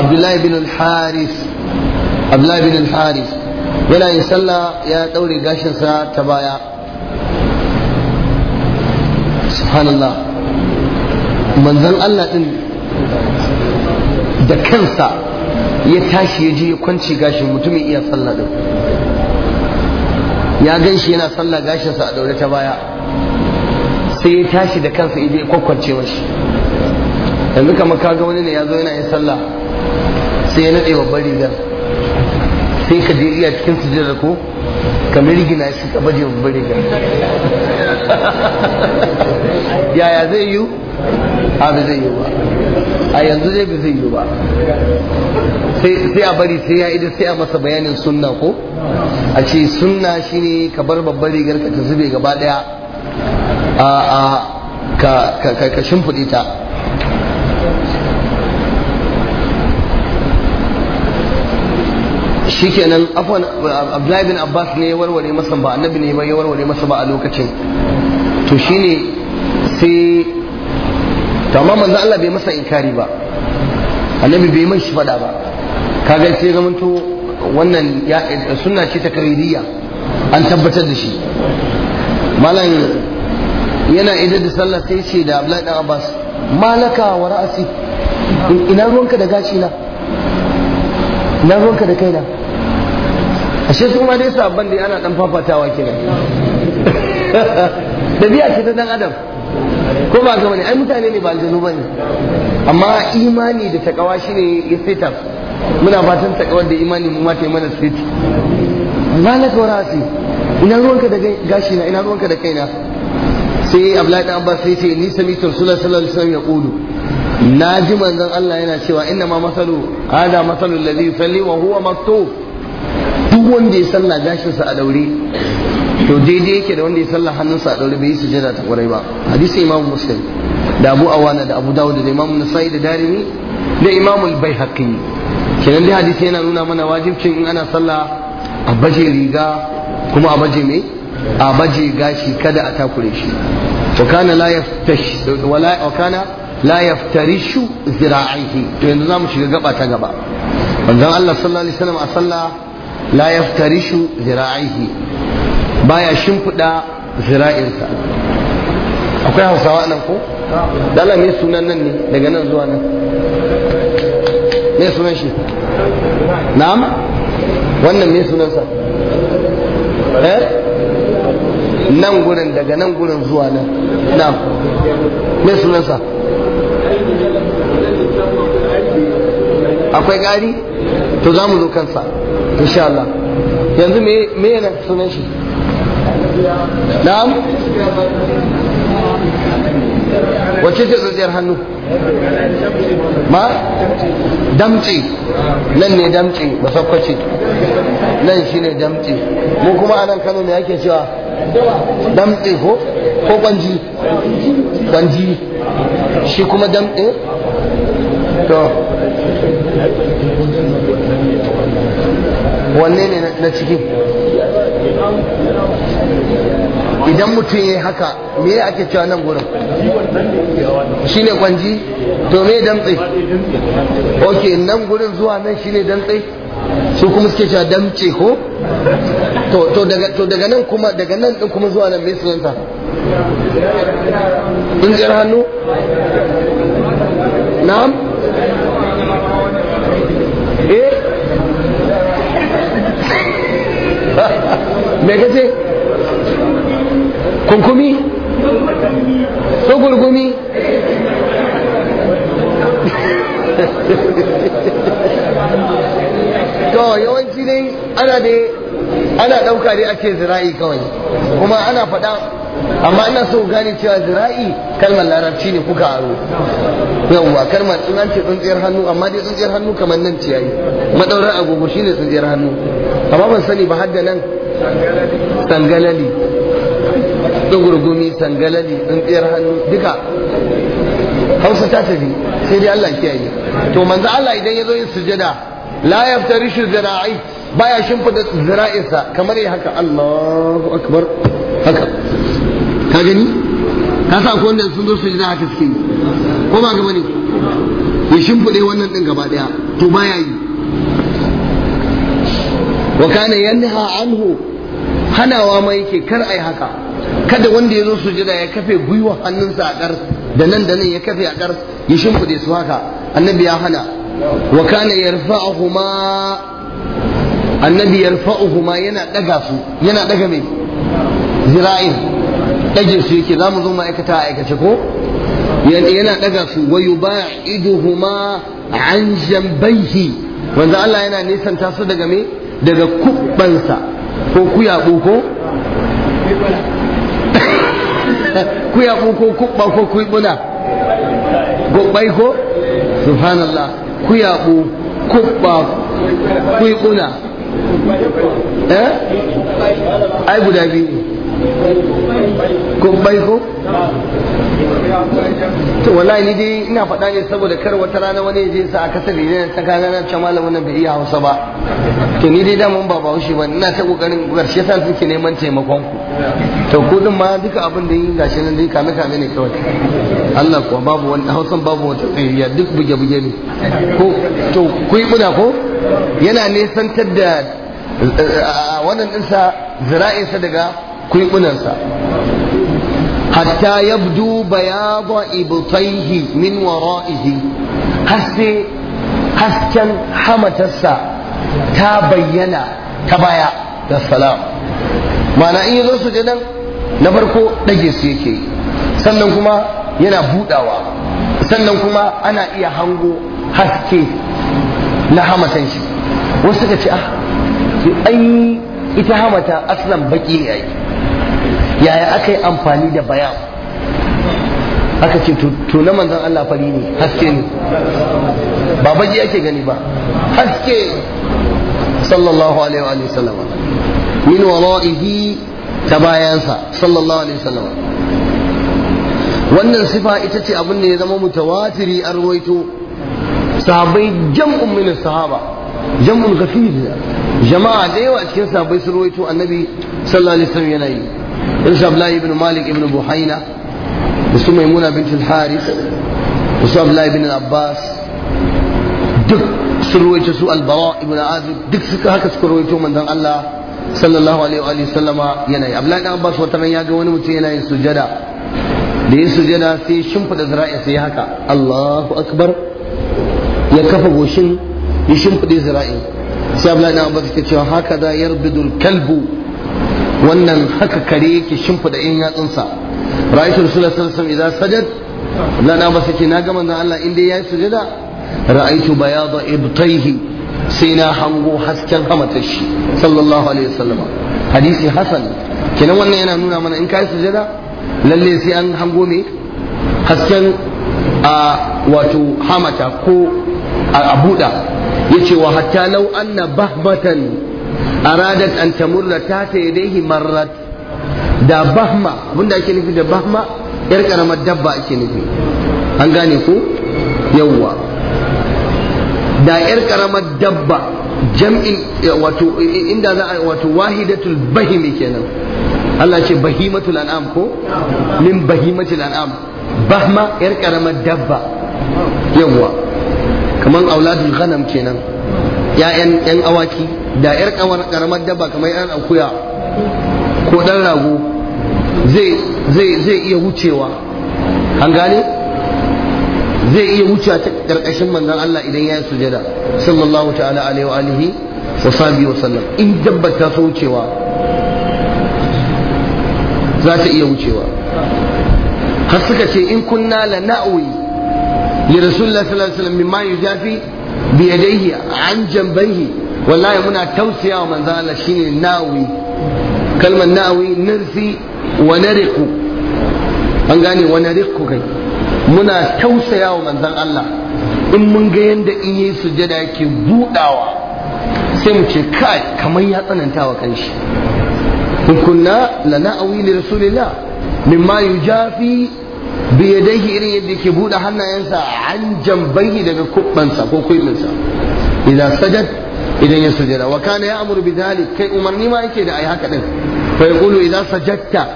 Abdullahi ibn al-Haris Abdullahi ibn al-Haris yana yin sallah ya daure gashin sa ta baya subhanallah manzon Allah din da kansa ya tashi ya je ya kwanci gashin mutumin iya sallah din ya gan shi yana sallah gashinsa a daure ta baya sai ya tashi da kansa ya je kwakwance mashi yanzu kamar kaga wani ne ya zo yana yin sallah sai ya naɗe babbar rigar sai ka je iya cikin sujjada ko ka mirgina shi ka baje babbar rigar yaya zai yiwu abu zai yiwu ba a yanzu zai bi zai yi ba sai a bari sai ya ido sai a masa bayanin sunna ko a ce sunna ne ka bar babbar rigar ka ta zube gaba daya a a ka ka ka shimfiɗe ta shikenan afwan abdullahi bin abbas ne ya warware masa ba annabi ne ba ya warware masa ba a lokacin to shine sai to amma manzo Allah bai masa inkari ba annabi bai mai shi fada ba kaga sai zamanto wannan sunna ce takririya an tabbatar da shi malam yana idar da sallah sai ce da Abdullahi dan Abbas malaka wa ra'asi ina ruwanka da gashi na ina ruwanka da kaina ashe su ma dai sabban dai ana dan fafatawa kenan dabi'a ce ta dan adam ko ba ga wani ai mutane ne ba aljanu ne. amma imani da takawa ne ya fita muna fatan takawar da imani mu mata yi mana na malaka warasi ina ruwanka da gashi na ina ruwanka da kaina sai Abdullahi dan Abbas sai ce ni sami Rasulullah sallallahu alaihi wasallam ya ƙudu. na ji manzon Allah yana cewa inna ma masalu hada masalu alladhi yusalli wa huwa maktub duk wanda ya salla gashin sa a daure to daidai yake da wanda ya sallah hannunsa a ɗaure bai yi sujada ta kwarai ba hadisin imamu muslim da abu awana da abu dawud da imamu nasai da darimi da imamu bai haƙi kenan dai hadisi yana nuna mana wajibcin in ana sallah a baje riga kuma a baje me a baje gashi kada a takure shi wa kana la yaftash wa kana la yaftarishu zira'ihi to yanzu zamu shiga gaba ta gaba manzon Allah sallallahu alaihi wasallam a sallah la yaftarishu zira'ihi baya shimfiɗa zira'insa akwai hausawa nan ko dala me sunan nan ne daga nan zuwa nan me sunan shi na'am wannan me sunansa eh nan gurin daga nan gurin zuwa nan na'am me sunansa akwai gari to za mu zo kansa insha Allah yanzu me me yana sunan shi na'am wace ce tsintsiyar hannu ma damtse nan ne damtse ba sakwace nan shi ne damtse mu kuma anan kano ne ake cewa damtse ko ko kwanji kwanji shi kuma damtse to wanne ne na ciki idan mutum ya haka me ake cewa nan gurin Shi ne kwanji to me damtse ok nan gurin zuwa nan shi ne damtse su kuma suke cewa damce ko to daga nan kuma daga nan din kuma zuwa nan me sunanta jar hannu na'am eh me kace kunkumi tsugurgumi to yawanci dai ana dai ana ɗauka dai ake zira'i kawai kuma ana faɗa amma ina so gane cewa zira'i kalmar larabci ne kuka aro yawwa kalmar ina ce tsuntsiyar hannu amma dai tsuntsiyar hannu kamar nan ciyayi. madaurar agogo shine tsuntsiyar hannu amma ban sani ba har da nan tsangalali tsungurgumi sangalali tsintsiyar hannu duka hausa ta tafi sai dai Allah kiyaye to manzo Allah idan ya zo yin sujada la yaftarishu zira'i baya shimfida zira'insa kamar yi haka Allahu akbar haka ka gani ka sa ko wanda sun zo sujada haka suke yi ko ba ga bane ya shimfide wannan din gaba daya to baya yi wa kana yanha anhu hanawa ma yake kar ai haka kada wanda ya zo jira ya kafe gwiwa hannunsa a ƙar da nan da nan ya kafe a ƙar ya shimfide su haka annabi ya hana wa kana yarfa'uhuma annabi yarfa'uhuma yana daga su yana daga mai zira'in dage su yake zamu zo ma'aikata a aikace ko yana daga su wa yuba'iduhuma an jambayhi wanda Allah yana nisan su daga mai daga kubbansa ko kuyabu ko Ku kuyaɓu ko kuɓɓa ko kuɓɓuna goɓɓai ko subhanallah kuyaɓu kuɓɓa kuɓɓuna eh ai guda biyu kuɓɓai ko to wallahi ni dai ina faɗa ne saboda kar wata rana wani je sa a kasar idan ta gana na ce malam nan bai iya Hausa ba to ni dai daman ba ba ba ina ta kokarin garshe sa suke neman taimakon ku to kudin ma duka abin da yi gashi nan dai kame kame ne kawai Allah kuwa babu wani hausan babu wata tsayayya duk buge buge ne ko to ku yi ko yana nesantar da wannan dinsa zira'insa daga kudansa hatta yabdu bayadha ibtaihi min wara'ihi hasse hasken hamatarsa ta bayyana ta baya da salam ma'ana in yazo zo nan na farko dage su yake yi sannan kuma yana buɗawa sannan kuma ana iya hango haske na hamatan shi wasu suka ce ah ai ita hamata aslan baki ne ai yaya aka yi amfani da bayan aka ce to na manzon Allah fari ne haske ne ba baki ake gani ba haske sallallahu alaihi wa sallam. min wara'ihi ta bayansa sallallahu alaihi wasallam wannan sifa ita ce abin da ya zama mutawatiri a ruwaito sahabbai jam'un min sahaba jam'un ghafir jama'a da yawa cikin sahabbai sun ruwaito annabi sallallahu alaihi wasallam yana yi irin Abdullahi ibn Malik ibn Buhaina da su Maimuna bint al-Haris da su Abdullahi ibn Abbas duk sun ruwaito su al-Bara ibn Azib duk suka haka suka ruwaito manzon Allah sallallahu alaihi wa sallama yana yi abdullahi dan abbas wata ran ya ga wani mutum yana yin sujada da yin sujada sai shimfida zira'i sai haka Allahu akbar ya kafa goshin ya shimfida zira'i sai abdullahi dan abbas ke cewa haka da yarbidul kalbu wannan haka kare yake shimfida in yatsunsa ra'aytu rasulullahi sallallahu alaihi wa sallam idza sajad abdullahi dan abbas yake na ga manzon Allah inda yayi sujada ra'aytu bayada ibtayhi sai na hango hasken hamatar shi sallallahu alaihi wasallama hadisi hasan kenan wannan yana nuna mana in kai sujada lalle sai an hango me hasken a wato hamata ko a buɗa yace wa hatta law anna bahmatan aradat an tamurra ta ta yadayhi marrat da bahma abinda ake nufi da bahma yar karamar dabba ake nufi an gane ko yawwa da yar karamar dabba jam'in eh, wato eh, inda za a wato wahidatul bahim kenan Allah ce bahimatul an'am ko min bahimatul an'am bahma yar karamar dabba yawa kaman auladul ghanam kenan ya'yan yan awaki da yar karamar dabba kamar yan akuya ko dan rago zai zai zai iya wucewa an gane zai iya wucewa ta ƙarƙashin manzon Allah idan ya yi sujada sallallahu ta'ala alaihi wa alihi wa sahbihi wa sallam in dabbar ta so wucewa za ta iya wucewa har suka ce in kunna la na'wi li rasulillah sallallahu alaihi wasallam mimma yujafi bi yadayhi an janbayhi wallahi muna tausaya wa manzon Allah shine na'wi kalmar na'wi nirsi wa nariqu an gane wa nariqu kai muna tausaya wa manzan Allah in mun ga yadda in yi sujada yake budawa sai mu ce kai kamar ya tsananta wa kanshi in kunna lana'awi li rasulillah mimma yujafi bi yadayhi irin yadda yake buɗe hannayensa an jambahi daga kubbansa ko kuibinsa idan sajad idan ya sujada wa kana ya amuru bi dhalik kai umarni ma yake da ai haka din fa yaqulu idan sajadta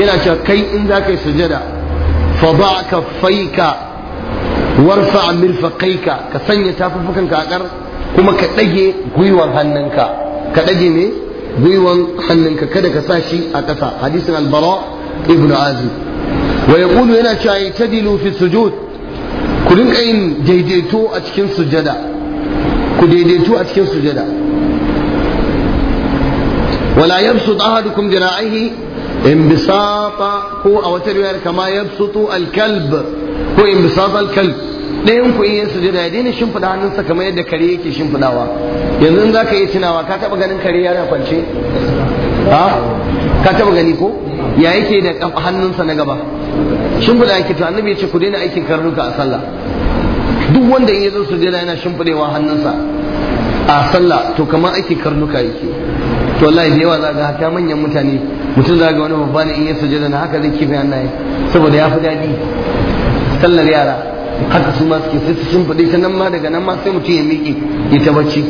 yana cewa kai in zakai sujada ka faika warfa mirfaqaika ka sanya tafuffukan ka kuma ka dage gwiwan hannunka ka dage ne gwiwan hannunka kada ka sa shi a ƙasa hadisin albara ibnu azib wa yaqulu yana cewa yatadilu fi sujud ku rinka daidaito a cikin sujada ku daidaito a cikin sujada wala yabsut inbisata ko a wata كما kama الكلب alkalb ko الكلب ɗayan ku iya sujada ya daina shimfiɗa hannunsa kamar yadda kare yake shimfiɗawa yanzu in za ka yi tunawa ka taɓa ganin kare yana kwance ka taɓa gani ko ya yake da hannunsa na gaba shimfiɗa yake to annabi ya ce ku daina aikin karnuka a sallah duk wanda in ya zo sujada yana shimfiɗewa hannunsa a sallah to kamar aikin karnuka yake to wallahi da yawa za ga haka manyan mutane mutum za ga wani babba ne in ya sujada na haka zai kifin hannaye saboda ya fi daɗi sallar yara haka su ma suke sai su shimfiɗe ta nan ma daga nan ma sai mutum ya miƙe ya ta bacci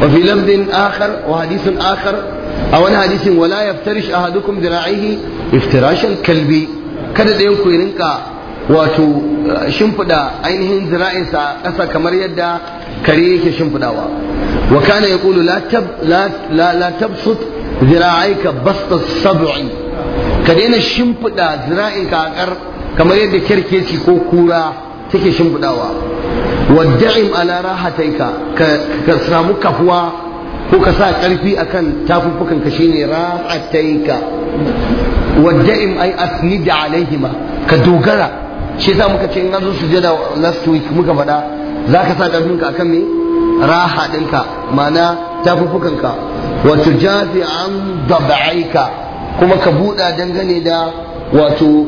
wa fi akhar wa hadisin akhar a wani hadisin wala yaftarish ahadukum dira'ihi iftirashan kalbi kada ɗayan ku rinka wato eh, shimfiɗa ainihin zira'insa ƙasa kamar yadda kare yake shimfidawa wa kana ya la la la tabsut zira'aika basta sab'i ka daina shimfida zira'inka a kar kamar yadda kirkeci ko kura take shimfidawa da'im ala rahataika ka samu kafuwa ko ka sa karfi akan tafufukan ka shine rahataika wadda'im ay asnid alaihima ka dogara shi yasa muka ce in an zo sujada last week muka faɗa za ka sa ƙarfinka akan me raha ɗinka mana tafufukanka wato jafi an daba'aika kuma ka buɗa dangane da wato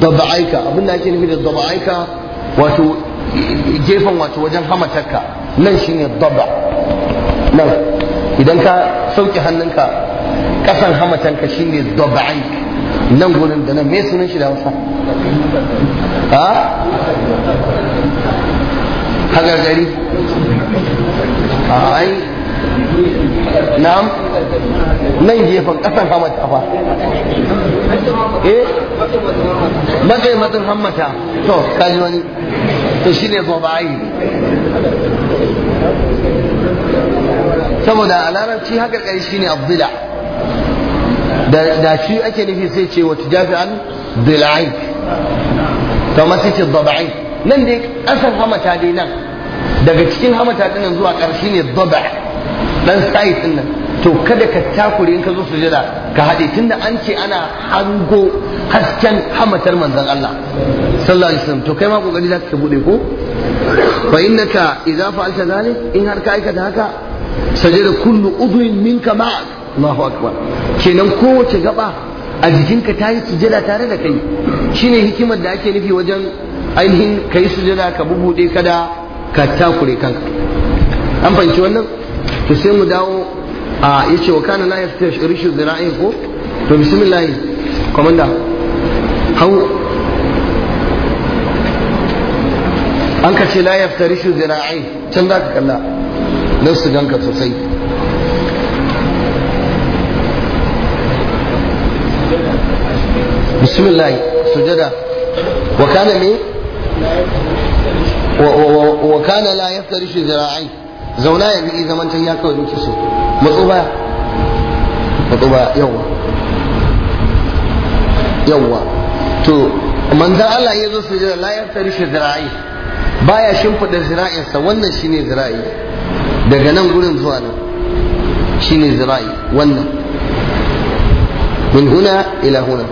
daba'aika abin da ake nufi da daba'aika wato gefen wato wajen hamatarka nan shine daba nan idan ka sauke hannunka ƙasan hamatanka shine daba'aika nan gurin da nan me sunan shi da hausa hagargari ah, ai nam nan gefen kasan hamata fa eh matsayin matsayin hamata to kaji wani to shine gobe gobayi saboda a larabci hagargari shi ne abdila da shi ake nufi sai ce wata jafi an bila'ai to sai ce baba'ai nan dai asan hamata dai nan daga cikin hamata dinnan zuwa ƙarshe ne zaba Ɗan side nan to kada ka takure in ka zo sujada ka haɗe tunda an ce ana hango hasken hamatar manzon Allah sallallahu alaihi wasallam to kai ma kokari za ka bude ko fa innaka idza fa'alta zalik in har ka aikata haka sajada kullu udwin minka ma Allahu akbar kenan kowace gaba a jikinka ta yi sujada tare da kai shine hikimar da ake nufi wajen ainihin kai sujada ka bubude kada ka takure kanka an fahimci wannan to sai mu dawo a yace wa kana la yaftash rishu zira'in ko to bismillah komanda hau an ka ce la yaftarishu zira'in can za ka kalla don su ganka sosai bismillah sujada wa kana ne wa kana la yaftari shi zira'ai zauna ya bi zaman tan ya kawai nake so matso ba matso ba. yawa yawa to manzan Allah ya zo su jira la yaftari shi zira'i baya shimfida sa. wannan shine zira'i daga nan gurin zuwa nan shine zira'i wannan min huna ila huna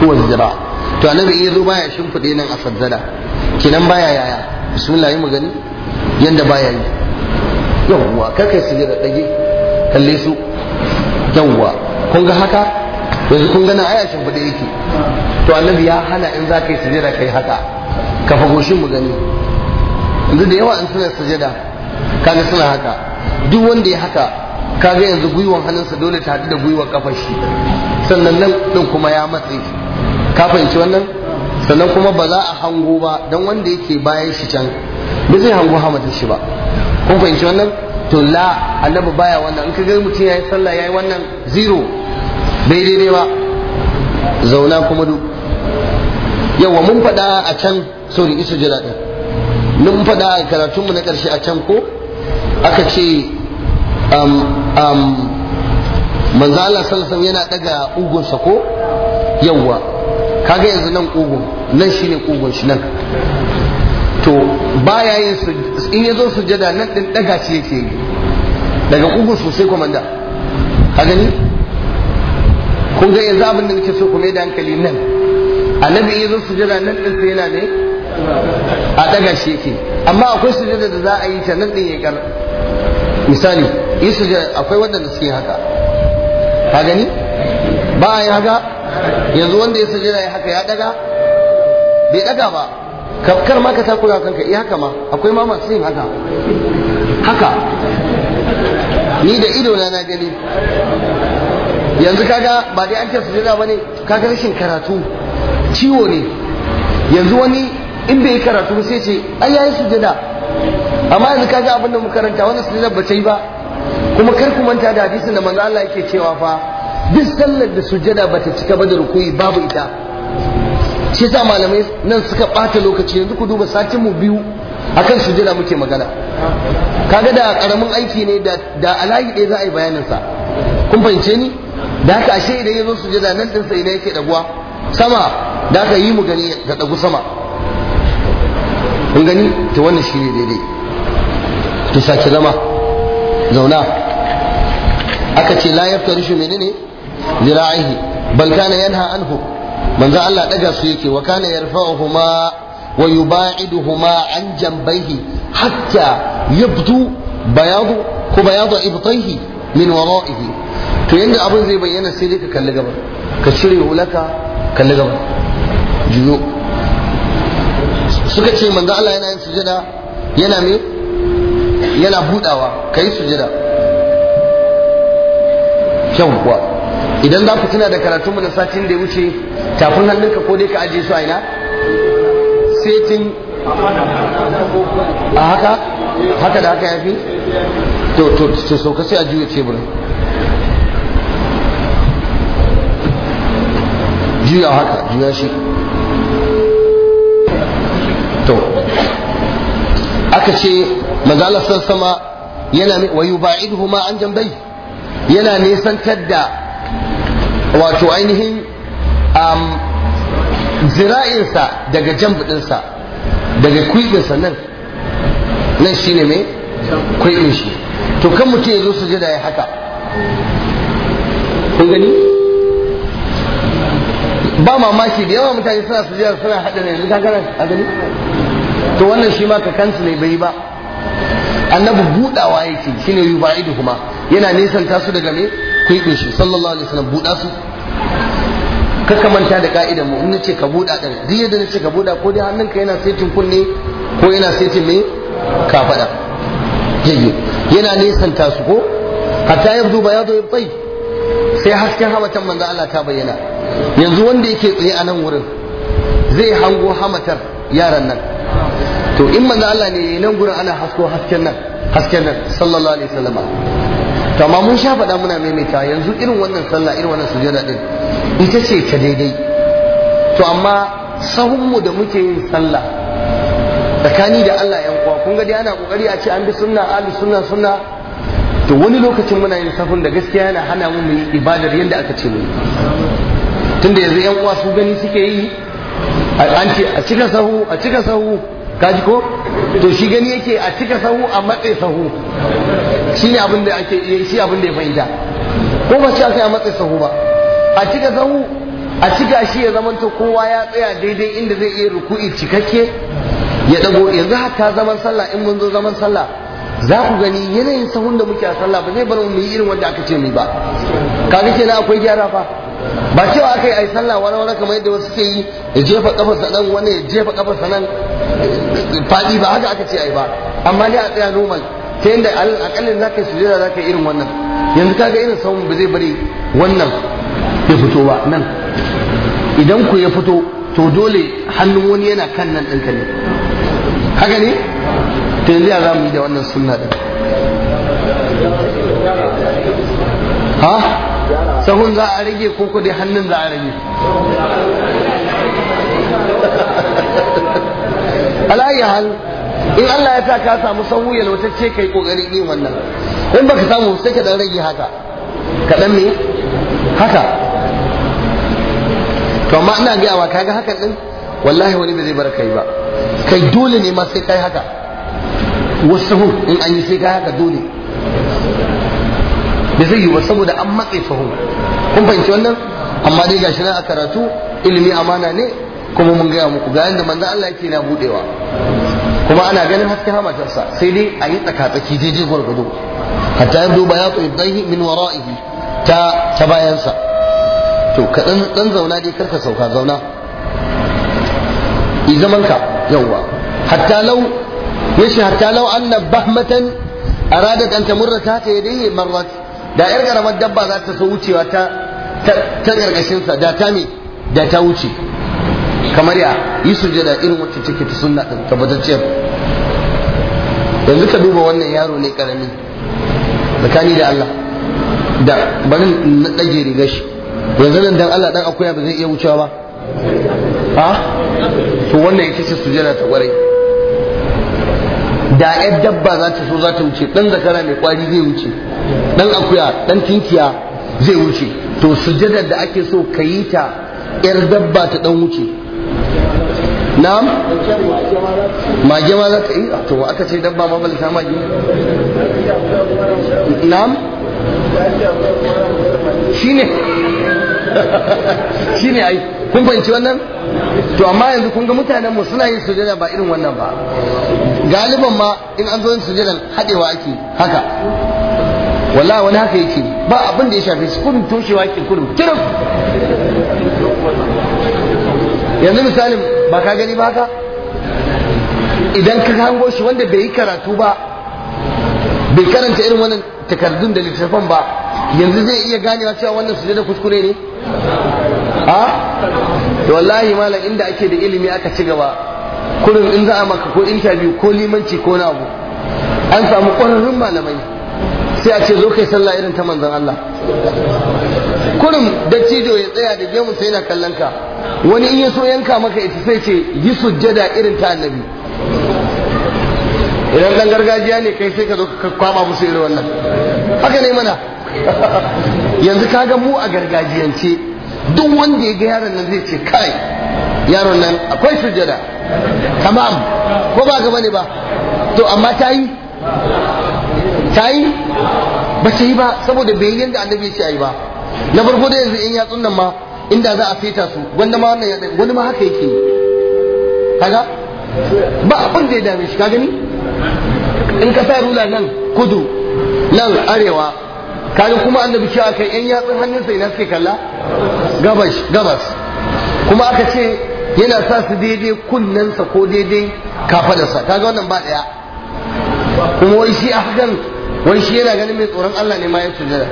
huwa zira' to annabi ya zo baya shimfida nan a saddada kinan baya yaya bismillah yi magani yadda baya yi yawwa kakai su da ɗage kalle su yawwa kun ga haka yanzu kun gana aya bude yake to annabi ya hana in za ka yi sujada yi haka ka fagoshin mu gani yanzu da yawa in suna sujada kaga suna haka duk wanda ya haka kaga yanzu gwiwan hannunsa dole ta haɗu da gwiwan kafar shi sannan nan ɗin kuma ya matse ka fahimci wannan sannan kuma ba za a hango ba don wanda yake bayan shi can ba zai hango hamadin shi ba kun fahimci wannan to la annabi baya wannan in ka ga mutum yayi sallah yayi wannan zero bai daidai ba zauna kuma duk yawa mun faɗa a can sorry isa jira din mun faɗa a karatunmu na ƙarshe a can ko aka ce um, um, manzo Allah sallallahu yana daga ugunsa ko yawwa kaga yanzu nan ugun nan shine kogon shi nan to baya yin in ya zo sujada nan din daga ce yake yi daga kugun sosai komanda ka gani kun ga yanzu abin da nake so ku mai da hankali nan annabi ya zo sujada nan din sai yana ne a daga shi yake amma akwai sujada da za a yi ta nan din ya kar misali yi sujada akwai waɗanda suke haka ka gani ba a yi haka yanzu wanda ya sujada ya haka ya daga bai daga ba kar ma ka takura kanka iya eh, haka ma akwai ma masu yin haka haka ni da ido na na gani yanzu kaga ba dai an ce jira bane kaga rashin karatu ciwo ne yanzu wani in bai karatu sai ce ai yayi sujada amma yanzu kaga abin da mu karanta wani sujada ba ta yi ba kuma kar ku manta da hadisin da manzo Allah yake cewa fa duk sallar da sujada ta cika ba da rukuyi babu ita shi sa malamai nan suka bata lokaci yanzu ku duba satin mu biyu akan jira muke magana kaga da karamin aiki ne da da alayi ɗaya za a yi bayanin sa kun fahimce ni da haka ashe idan ya zo jira nan ɗinsa idan yake daguwa sama da haka yi mu gani da dagu sama kun gani to wannan shi ne daidai ki sace zama zauna aka ce la yaftarishu menene zira'ihi bal kana yanha anhu manzo Allah daga su yake wa kana yarfa'uhuma wa yuba'iduhuma an janbayhi hatta yabdu bayadu ko bayadu ibtaihi min wara'ihi to yanda abin zai bayyana sai dai ka kalli gaba ka cire hulaka kalli gaba juyo suka ce manzo Allah yana yin sujada yana me yana budawa kai sujada kuwa idan za ku tuna da karatun mu na satin da ya wuce tafin hannunka ko dai ka ajiye su a ina setin a haka haka da haka ya fi to to to sauka sai a juya teburin juya haka juya shi to aka ce mazalar sama yana wa huma an jambai yana nesantar da wato ainihin um, zira'insa daga jambudinsa daga kwibinsa nan nan shi ne mai kwibin shi to kan mutum ya zo su da ya haka kun gani ba mamaki da yawa mutane suna su jada suna haɗa ne yanzu kakarar a gani to wannan shi ma ka kansu ne bai ba annabi budawa yake yi ba'idu kuma yana nisan tasu daga mai. kwaikwai shi sallallahu alaihi wasallam buɗa su ka manta da ka'idar mu in nace ka buɗa ɗin duk yadda nace ka buɗa ko dai hannunka yana setin kunne ko yana setin me ka faɗa yayyo yana nesanta su ko hatta yabdu bayadu tsai sai hasken hamatan manzo Allah ta bayyana yanzu wanda yake tsaye a nan wurin zai hango hamatar yaran nan to in manzo Allah ne nan gurin ana hasko hasken nan hasken nan sallallahu alaihi wasallam to amma mun sha faɗa muna maimaita yanzu irin wannan sallah irin wannan sujada din ita ce ta daidai to amma sahunmu da muke yin sallah tsakani da Allah yan kuwa kun ga dai ana kokari a ce an bi sunna ahli sunna sunna to wani lokacin muna yin sahun da gaskiya yana hana mu mu yi ibadar yanda aka ce mu tunda yanzu yan uwa su gani suke yi an ce a cika sahu a cika sahu kaji ko to shi gani yake a cika sahu a matse sahu shine abin da ake shi abin da ya fahimta ko ba shi aka yi matsayin sahu ba a cika sahu a cika shi ya zamanta kowa ya tsaya daidai inda zai iya ruku'i cikakke ya dago yanzu hatta zaman sallah in mun zo zaman sallah za ku gani yanayin sahun da muke a sallah ba zai bar mu yi irin wanda aka ce mu ba kaga kenan akwai gyara fa ba cewa aka yi ai sallah wani wani kamar yadda wasu ke yi ya jefa kafarsa nan wani ya jefa kafarsa nan fadi ba haka aka ce ai ba amma dai a tsaya normal ta yadda akallin za ka yi sujada za ka yi irin wannan yanzu ga irin samun ba zai bari wannan ya fito ba nan idan ku ya fito to dole hannun wani yana kan nan ɗinka ne haka ne ta yanzu ya za mu yi da wannan sunna ɗin ha sahun za a rage ko ku dai hannun za a rage ala'ayyar in Allah ya sa ka samu sahu ka kai ƙoƙari yin wannan in baka samu sai ka dan rage haka ka dan me haka to amma ina ga wa kaga haka din wallahi wani bai zai bar kai ba kai dole ne ma sai kai haka wasu in an yi sai kai haka dole da zai yi saboda an matse sahu kun fahimci wannan amma dai gashi nan a karatu ilimi amana ne kuma mun gaya muku ga yadda manzo Allah yake na budewa kuma ana ganin hasken hamatarsa sai dai a yi tsakatsaki daidai gwargwado hatta yadda ya tsoye ibdaihi min wara'ihi ta ta bayansa to ka dan zauna dai karka sauka zauna i zaman ka yawa hatta law yashi hatta law anna bahmatan aradat an tamurra ta ta yadayhi marrat da yar ƙaramar dabba za ta so wucewa ta ta karkashin sa da ta me da ta wuce kamar ya yi sujada irin wacce take ta sunna din tabbatacciyar yanzu ka duba wannan yaro ne karami tsakani da Allah da bari na ɗage riga shi yanzu nan dan Allah dan akuya ba zai iya wucewa ba ha to wannan yake ce sujada ta kwarai da yar dabba za ta so za ta wuce ɗan zakara mai kwari zai wuce ɗan akuya ɗan tinkiya zai wuce to sujadar da ake so ka yi ta yar dabba ta ɗan wuce na'am mage ma za ta yi to aka ce dabba ma balta mage na'am shine shine ai kun fahimci wannan to amma yanzu kun ga mutanen mu suna yin sujada ba irin wannan ba galiban ma in an zo yin sujada hadewa ake haka wallahi wani haka yake ba abin da ya shafe su kurin toshewa ke kudu. tirif yanzu misalin ba ka gani ba ka idan ka hango shi wanda bai yi karatu ba bai karanta irin wannan takardun da littafan ba yanzu zai iya ganewa cewa wannan su da kuskure ne a wallahi malam inda ake da ilimi aka ci gaba kurin in za a maka ko interview ko limanci ko na abu an samu ƙwararrun malamai sai a ce zo kai sallah irin ta manzon Allah kurin dattijo ya tsaya da gemu sai yana kallon ka wani in so yanka maka ita sai ce yi sujjada irin ta annabi idan dan gargajiya ne kai sai ka zo ka kwaba musu irin wannan haka ne mana yanzu ga mu a gargajiyance duk wanda ya ga yaron nan zai ce kai yaron nan akwai sujjada tamam ko ba gaba ne ba to amma ta yi ta yi ba ta yi ba saboda bai yadda annabi ya ce a yi ba na farko da yanzu in yatsun nan ma inda za a feta su wanda ma wannan ya wani ma haka yake kaga ba abin da ya dame shi ka gani in ka sa rula nan kudu nan arewa kaga kuma annabi cewa kai yan yatsun hannunsa ina suke kalla gabas gabas kuma aka ce yana sa su daidai kunnensa ko daidai kafadarsa kaga wannan ba daya kuma wai shi a hakan wai shi yana ganin mai tsoron Allah ne ma ya sujada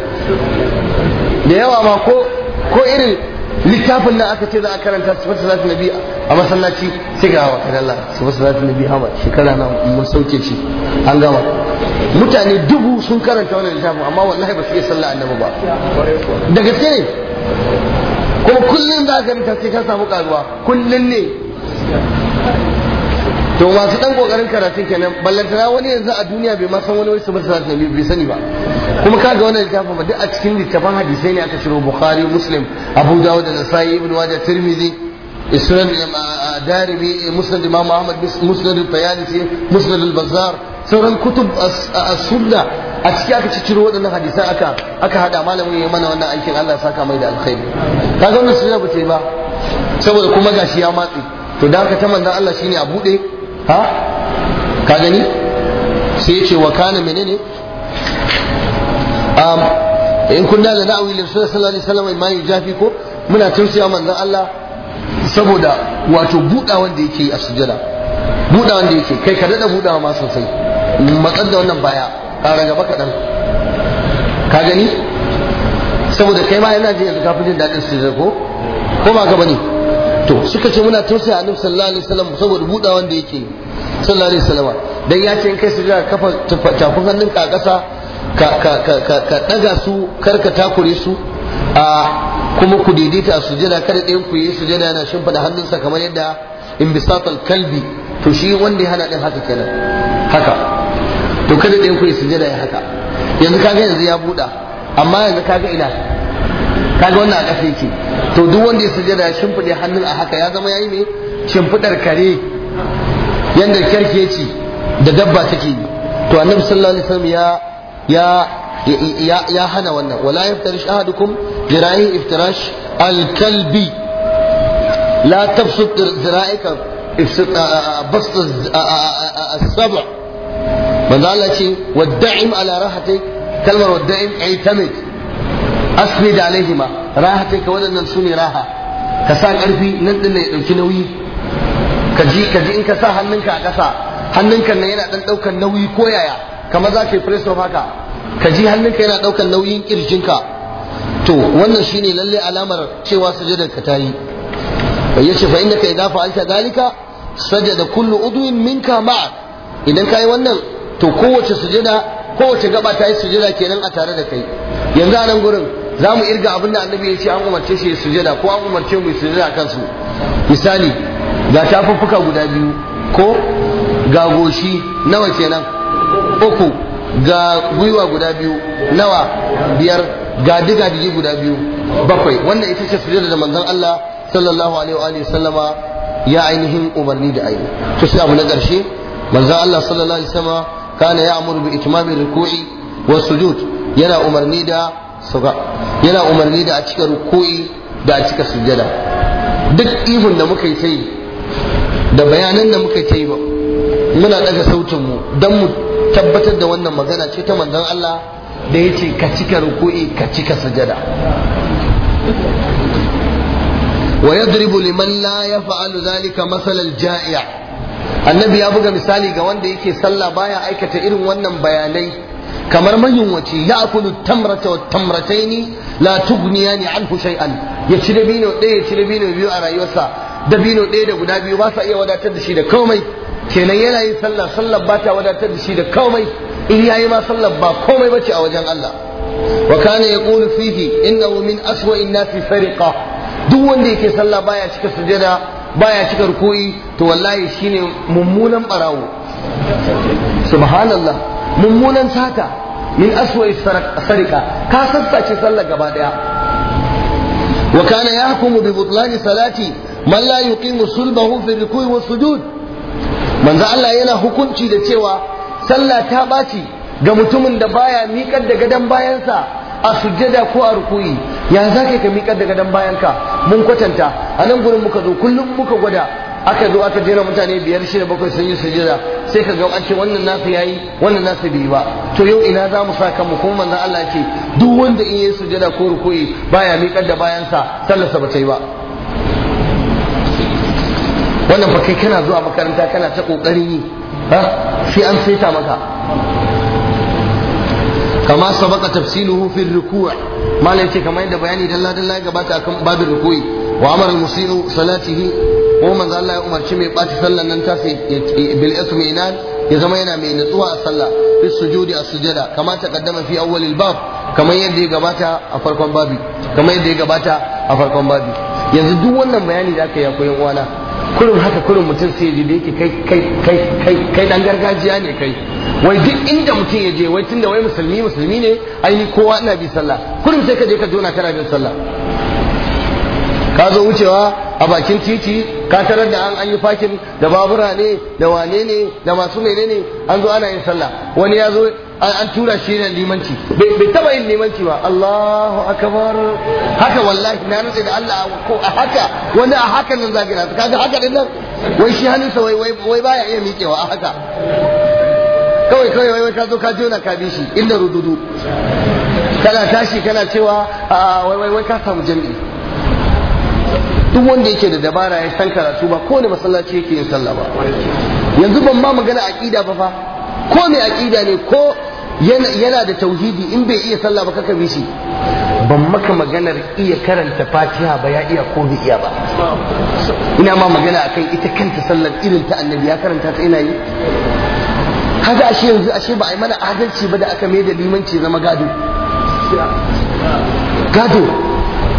da yawa ma ko ko irin littafin da aka ce za a karanta sifar salatin nabi a masallaci sai ga hawa kadalla sifar na nabi hawa shekara na mun sauke shi an gama mutane dubu sun karanta wannan littafin amma wallahi ba su iya sallah annabi ba da gaske ne kuma kullum za ka rinta sai ka samu karuwa kullum ne to masu dan kokarin karatun kenan ballantana wani yanzu a duniya bai ma san wani wasu mursal nabi bai sani ba kuma kaga wannan littafin ba duk a cikin littafin hadisai ne aka ciro bukhari muslim abu dawud da nasai ibn wajah tirmidhi isran eh, eh, darimi eh, musnad imam ahmad musnad al-tayalisi musnad al-bazzar sauran kutub as-sunna a ciki aka ciciro waɗannan hadisai aka aka hada malamin ya mana wannan aikin Allah saka mai da alkhairi kaga wannan sunna ba ce yi ba saboda kuma gashi ya matsi to da haka ta manzon Allah shine a bude ha ka gani sai ce wa kana menene um in kunna da da awi rasulullahi sallallahu alaihi wasallam ma jafi ko muna tursiya manzon Allah saboda wato budawan da yake a sujada budawan da yake kai ka dada budawa ma sosai matsar da wannan baya ka raga baka dan ka gani saboda kai ma yana jin yanzu ka fi jin daɗin sujada ko ko ba ka bane to suka ce muna tausaya annabi sallallahu alaihi wasallam saboda buda wanda yake sallallahu alaihi wasallam dan ya ce in kai sujada kafa tafin hannunka a ƙasa ka ka ka ka daga su kar ka takure su a kuma ku daidaita su sujada kada ɗayan ku yi sujada yana shimfiɗa hannunsa kamar yadda in bisatal kalbi to shi wanda ya hana ɗin haka kenan haka to kada ɗayan ku yi sujada ya haka yanzu kaga yanzu ya buɗa amma yanzu kaga ina kaga wannan a ƙasa yake to duk wanda ya sujada ya shimfiɗe hannun a haka ya zama yayi ne shimfiɗar kare yanda kyarke yace da dabba take yi to annabi sallallahu alaihi wasallam ya ya ya hana wannan wala yaftarish ahadukum jira'i iftirash al-kalbi la tafsut zira'ika بسط sab من قال شيء والدعم على راحتك كلمة والدعم اعتمد da alaihima rahatai ka waɗannan su ne raha ka sa ƙarfi nan ɗin ya ɗauki nauyi ka ji ka ji in ka sa hannunka a ƙasa hannunka nan yana ɗan ɗaukar nauyi ko yaya kamar za ka yi press of haka ka ji hannunka yana ɗaukar nauyin ƙirjinka to wannan shi ne lallai alamar cewa sujadar ka ta yi ce fa ka idza fa'alta dalika sajada kullu udwin minka ma. idan ka yi wannan to kowace sujada kowace gaba ta yi sujada kenan a tare da kai yanzu a nan gurin za mu irga abin da annabi ya ce an umarce shi ya sujada ko an umarce mu ya sujada kansu misali ga tafuffuka guda biyu ko ga goshi nawa kenan uku ga gwiwa guda biyu nawa biyar ga diga digi guda biyu bakwai wannan ita ce sujada da manzon Allah sallallahu alaihi wa sallama ya ainihin umarni da aini to sai abu na ƙarshe manzon Allah sallallahu alaihi wa sallama kana ya'muru bi itmami ruku'i was sujud yana umarni da yana umarni da a cika rukuyi da a cika sujjada duk ihun da muka yi ta yi da bayanan da muka yi ta yi muna daga sautin mu don mu tabbatar da wannan magana ce ta manzon Allah da ya ce ka cika rukuyi ka cika sujjada wa yadribu liman la yaf'alu dhalika masalan ja'ia annabi ya buga misali ga wanda yake sallah baya aikata irin wannan bayanai kamar mayunwaci ya akulu tamrata wa tamrataini la tughniyani anhu shay'an ya ci dabino ɗaya ya ci dabino biyu a rayuwarsa dabino ɗaya da guda biyu ba sa iya wadatar da shi da komai kenan yana yin sallah sallar ba ta wadatar da shi da komai in yayi ma sallar ba komai bace a wajen Allah wa kana yaqulu fihi innahu min aswa nasi sariqa duk wanda yake sallah baya cika sujada baya cika rukuyi to wallahi shine mummunan barawo subhanallah mummunan sata min aswa'i sarika ka sassace sallar gaba daya wa kana yahkumu bi butlani salati man la yuqimu sulbahu fi ruku'i wa sujud manzo Allah yana hukunci da cewa sallah ta baci ga mutumin da baya miƙar da gadon bayansa a sujjada ko a ruku'i ya zaka ka miƙar da gadan bayanka mun kwatanta a nan gurin muka zo kullum muka gwada aka zo aka jera mutane biyar shida bakwai sun yi sujada sai ka ga an ce wannan nasu yayi wannan nasu bai ba to yau ina za mu sa kanmu kuma manzon Allah ce duk wanda in yi sujada ko rukuyi baya miƙar da bayansa sallarsa ba ta yi ba wannan ba kai kana zuwa makaranta kana ta kokarin yi ha sai an saita maka kama sabaka tafsiluhu fi ruku' malai ce kamar yadda bayani dalla dalla gabata akan babin ruku'i wa amara musiru salatihi ko manzo Allah ya umarci mai ɓaci sallan nan tasa bil isminan ya zama yana mai nutsuwa a sallah bis sujudi a sujada kama ta kaddama fi awwalil bab kamar yadda ya gabata a farkon babi kamar yadda ya gabata a farkon babi yanzu duk wannan bayani da aka yi koyan uwana kurin haka kurin mutum sai ji da yake kai kai kai kai kai dan gargajiya ne kai wai duk inda mutum ya je wai tunda wai musulmi musulmi ne ai kowa ina bi sallah kurin sai ka je ka jona kana bin sallah ka zo wucewa a bakin titi ka tarar da an an yi fakin da babura ne da wane ne da masu menene an zo ana yin sallah wani ya zo an tura shi ne limanci bai taba yin limanci ba Allahu akbar haka wallahi na nutse da Allah ko a haka wani a haka nan zaka na kaga haka din nan wai shi hannunsa wai wai baya iya miƙewa a haka kawai kawai wai ka zo ka na ka bi shi inda rududu kana tashi kana cewa wai wai ka samu jami'i duk wanda yake da dabara ya san karatu ba kowane masallaci yake yin sallah ba yanzu ban ma magana aqida ba fa ko mai aqida ne ko yana da tauhidi in bai iya sallah ba kaka bishi ban maka maganar iya karanta fatiha ba ya iya ko bai iya ba ina ma magana akan ita kanta sallar irin ta annabi ya karanta ta ina yi kaga ashe yanzu ashe ba a yi mana adalci ba da aka mai da limanci zama gado gado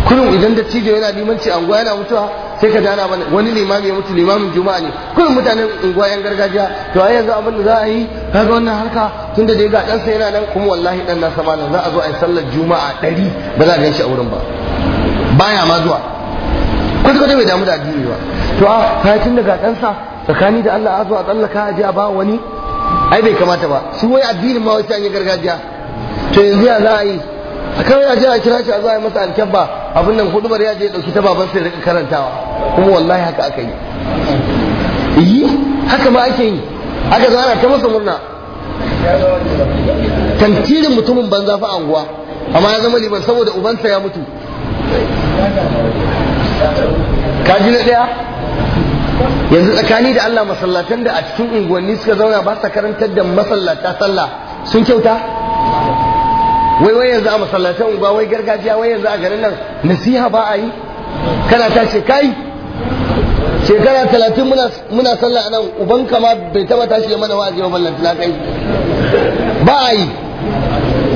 kullum idan da cijo yana limanci anguwa yana mutuwa sai ka dana mana wani limami ya mutu limamin juma'a ne kullum mutanen unguwa yan gargajiya to ai yanzu abin da za a yi ga wannan harka tunda dai ga ɗansa yana nan kuma wallahi na nasa malam za a zo a yi sallar juma'a ɗari ba za a ganshi a wurin ba baya ma zuwa kwata-kwata bai damu da addini ba to a kai tun dan ɗansa tsakani da Allah a zo a tsallaka a je a ba wani ai bai kamata ba shi wai addinin ma wasu an yi gargajiya to yanzu ya za a yi a kawai a je a kira shi a yi masa alkyabba abin nan hudubar ya je ya dauki ta baban sai rika karantawa kuma wallahi haka aka yi yi haka ma ake yi aka zara ta masa murna tantirin mutumin banza fa anguwa amma ya zama liman saboda ubansa ya mutu kaji na ɗaya yanzu tsakani da Allah masallatan da a cikin unguwanni suka zauna ba sa karantar da masallata sallah sun kyauta wai wai yanzu a masallatan ba wai gargajiya wai yanzu a garin nan nasiha ba a yi kana ta ce kai shekara talatin muna sallah a nan uban kama bai taba tashi ya mana wa'azi ba ballan kai ba a yi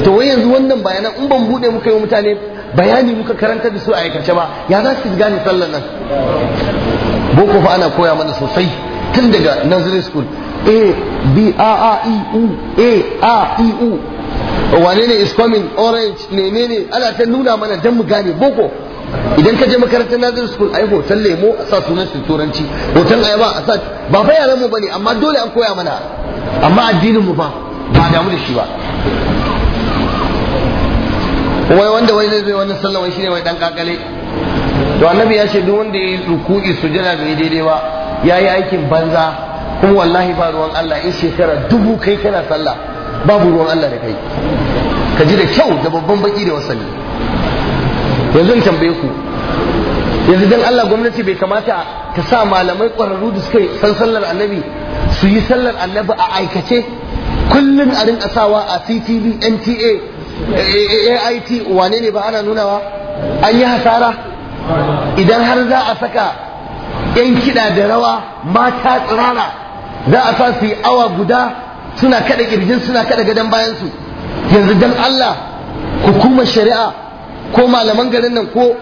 to wai yanzu wannan bayanan in ban bude muka yi mutane bayani muka karanta da su a aikace ba ya za su gane sallar nan boko fa ana koya mana sosai tun daga nursery school a b a a e u a a e u wane ne is coming orange ne ana ta nuna mana dan mu gane boko idan ka je makarantar nazar school ai hoton lemo a sa sunan su turanci hoton ayaba a sa ba fa yaran mu bane amma dole an koya mana amma addinin mu ba ba damu da shi ba wai wanda wai zai wannan sallah wai shine wai dan kakale to annabi ya ce duk wanda ya yi ruku'i sujada bai daidai ba yayi aikin banza kuma wallahi ba ruwan Allah in shekara dubu kai kana sallah babu ruwan Allah da kai ka ji da kyau da babban baki da wasali yanzu in tambaye ku yanzu dan Allah gwamnati bai kamata ta sa malamai ƙwararru da suka san sallar annabi su yi sallar annabi a aikace kullum a rinka sawa a CTV NTA AIT wane ne ba ana nunawa an yi hasara idan har za a saka yan kiɗa da rawa mata tsirara za a sa su yi awa guda suna kada kirjin suna kada gadon bayansu yanzu dan Allah hukumar shari'a ko malaman garin nan ko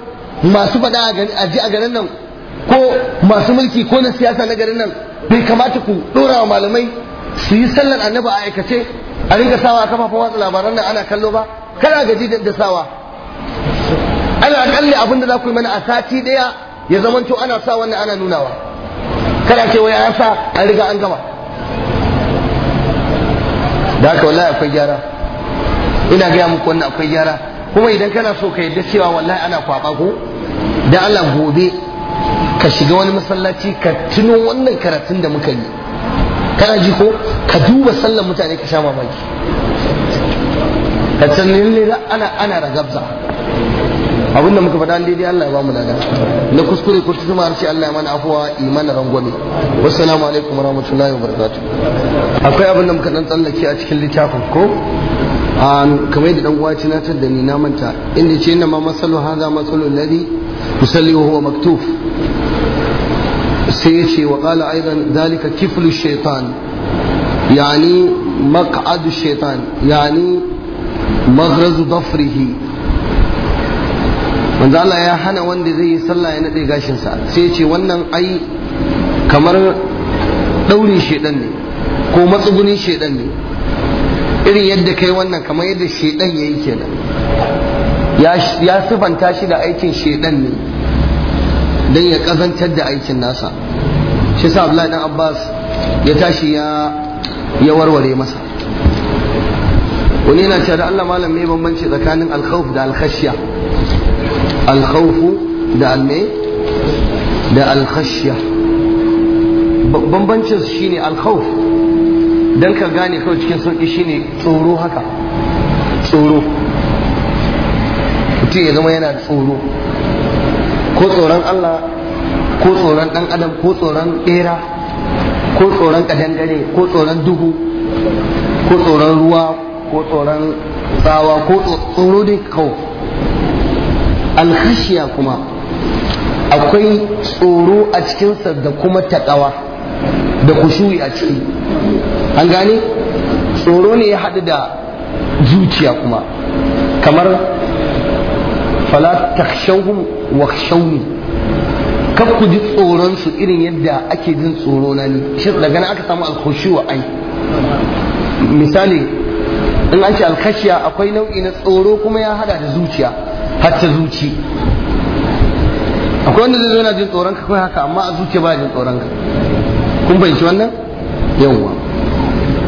masu faɗa a ji a garin nan ko masu mulki ko na siyasa na garin nan bai kamata ku ɗora wa malamai su yi sallar annaba a aikace a rinka sawa a kafafen watsa labaran nan ana kallo ba kana gaji da sawa ana kalli abinda za ku yi mana a sati ɗaya ya zamanto ana sa wannan ana nunawa kana ce wai an sa an riga an gama da haka wallahi akwai gyara ina gaya muku wannan akwai gyara kuma idan kana so ka yadda cewa wallahi ana kwaba ko da Allah gobe ka shiga wani masallaci ka tuno wannan karatun da muka yi kana ji ko ka duba sallan mutane ka sha mamaki ka tsanin ana ana ragabza abin da muka faɗa daidai Allah ya bamu lada na kuskure ko tuma harshe Allah ya mana afuwa imanin rangwame wassalamu alaikum warahmatullahi wabarakatuh akwai abin da muka dan tsallake a cikin littafin ko kamar yadda dan uwa ci na da ni na manta inda ce inna ma masalu hadha masalu ladhi yusalli wa huwa maktuf sai ya ce wa qala aidan zalika kiflu shaitan yani maq'adu shaitan yani maghrazu dafrihi manzo Allah ya hana wanda zai yi sallah ya nade gashin sa sai ya ce wannan ai kamar daurin shaitan ne ko matsugunin shaitan ne irin yadda kai wannan kamar yadda shedan yi kenan ya sifanta shi da aikin shedan ne don ya kazantar da aikin nasa shi sa Abdullahi Abbas ya tashi ya warware masa wani yana cewa da Allah malam mai bambanci tsakanin alkhawf da alkhashiya alkhawfu da alme da alkhashiya bambancin shine alkhawf don ka gane kawai cikin sauƙi shine tsoro haka tsoro mutum ya zama yana tsoro ko tsoron Allah ko tsoron ɗan adam ko tsoron ɗera ko tsoron ƙadangare ko tsoron duhu ko tsoron ruwa ko tsoron tsawa ko tsoro dai kawo alhashiya kuma akwai tsoro a cikinsa da kuma taƙawa da kushuri a ciki an gane tsoro ne ya haɗu da zuciya kuma kamar fala takshawhum wakhshawni kaf ku ji tsoron su irin yadda ake jin tsoro na ni shi daga nan aka samu wa ai misali in an ce alkashiya akwai nau'i na tsoro kuma ya hada da zuciya hatta zuci akwai wanda zai zo yana jin tsoron ka kai haka amma a zuciya ba jin tsoron ka kun fahimci wannan yawwa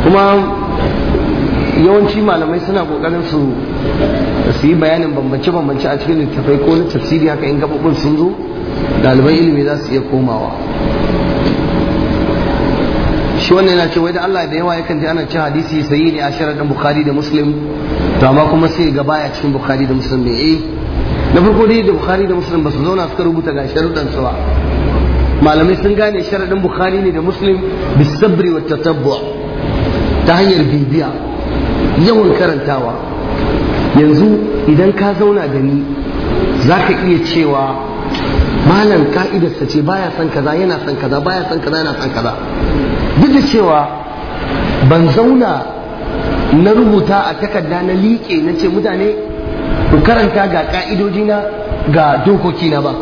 kuma yawanci malamai suna kokarin su su yi bayanin bambance-bambance a cikin littattafai ko na tafsiri haka in gaɓaɓɓun sun zo ɗaliban ilimi za su iya komawa shi wannan yana ce wai da Allah da yawa yakan ji ana ce hadisi sayi ne a shirar da bukhari da muslim to amma kuma sai ga baya cikin bukhari da muslim ne eh na farko dai da bukhari da muslim ba su zauna suka rubuta ga sharuɗan su ba malamai sun gane sharaɗin bukhari ne da muslim bisabri wa tatabbu ta hanyar bibiya yawan karantawa yanzu idan ka zauna da ni za ka iya cewa malam ka'idarsa ce baya son kaza yana son kaza baya son kaza yana son kaza duk da cewa ban zauna na rubuta a takarda na liƙe na ce mutane ku karanta ga ka'idojina ga dokokina ba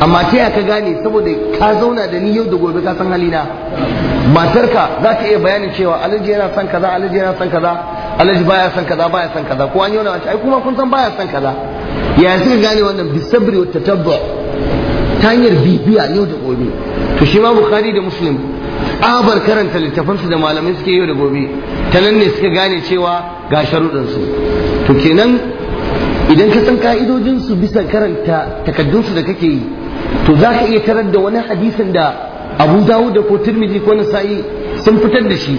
amma ta ya ka gane saboda ka zauna da ni yau da gobe ka san halina matarka za ta iya bayani cewa alhaji yana son kaza alhaji yana son kaza alhaji baya son kaza baya son kaza ko an yi wani ai kuma kun san baya son kaza ya suka gane wannan bisabri wa tabba? ta hanyar bibiya yau da gobe to shi ma bukhari da muslim Abar karanta littafansu da malamai suke yau da gobe ta nan ne suka gane cewa ga sharuɗinsu to kenan idan ka san ka'idojinsu bisa karanta takaddunsu da kake yi to za ka iya tarar da wani hadisin da abu dawo da ko turmiji ko nasa'i sun fitar da shi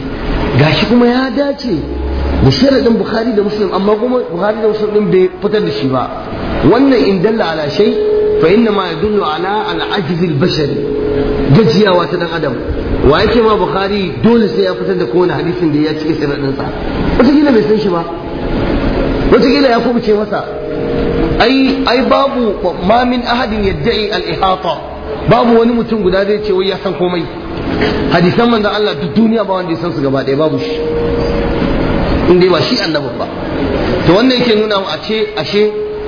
gashi kuma ya dace da sharaɗin bukhari da muslim amma kuma bukhari da muslim ba bai fitar da shi ba wannan in dalla ala shay fa ma yadullu ala al ajiz bashari gajiyawa ta dan adam wa yake ma bukhari dole sai ya fitar da kowane hadisin da ya cike sharaɗin sa wata bai san shi ba wata ya kuma masa ai ai babu ma min ahadin yadda'i al-ihata babu wani mutum guda zai ce wai ya san komai hadisan manzon Allah duk duniya ba wanda ya san su gaba ɗaya babu shi in dai ba shi annabin ba to wanda yake nuna mu ashe ashe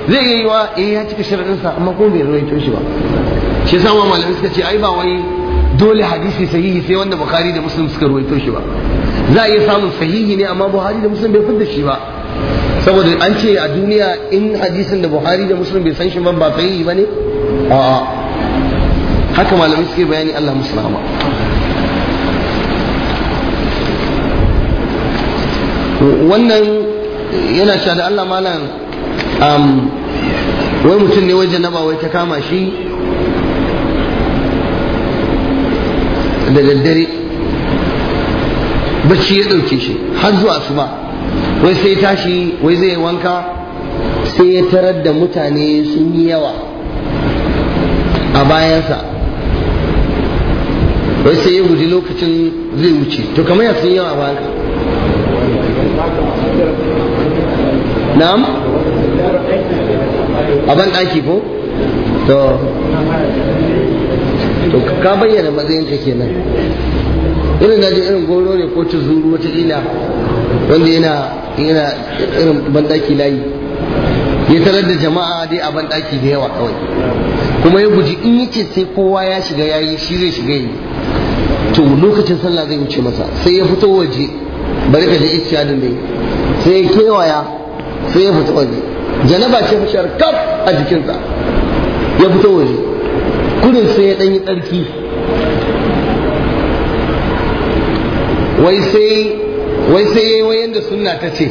zai iya yiwa eh ya cika sharadin sa amma ko bai rawaito shi ba shi yasa ma malamai suka ce ai ba wai dole hadisi sahihi sai wanda bukhari da muslim suka rawaito shi ba za a iya samun sahihi ne amma buhari da muslim bai fidda shi ba saboda an ce a duniya in hadisin da buhari da musulun bai san shi ban ba yi ba ne a'a haka malamai suke bayani allah musulama wannan yana cewa da allah malam um, wai mutum ne wajen naba wai ta kama shi da daddare bacci ya ɗauke shi har zuwa su ba wai sai tashi wai zai wanka sai ya tarar da mutane sun yi yawa a bayansa wai sai ya guji lokacin zai wuce to kamar ya sun yawa a bayanka na'am a ban ɗaki ko to ka bayyana matsayinka kenan irin na irin goro ne ko zuru wata ila wanda yana yana irin bandaki layi ya tarar da jama'a dai a bandaki da yawa kawai kuma ya guji in yake sai kowa ya shiga yayi shi zai shiga yi to lokacin sallah zai wuce masa sai ya fito waje bari ka je istiyadin dai sai ya kewaya sai ya fito waje janaba ce fashar kaf a jikinsa ya fito waje kudin sai ya ɗanyi tsarki wai sai ya yi wayan da sunna ta ce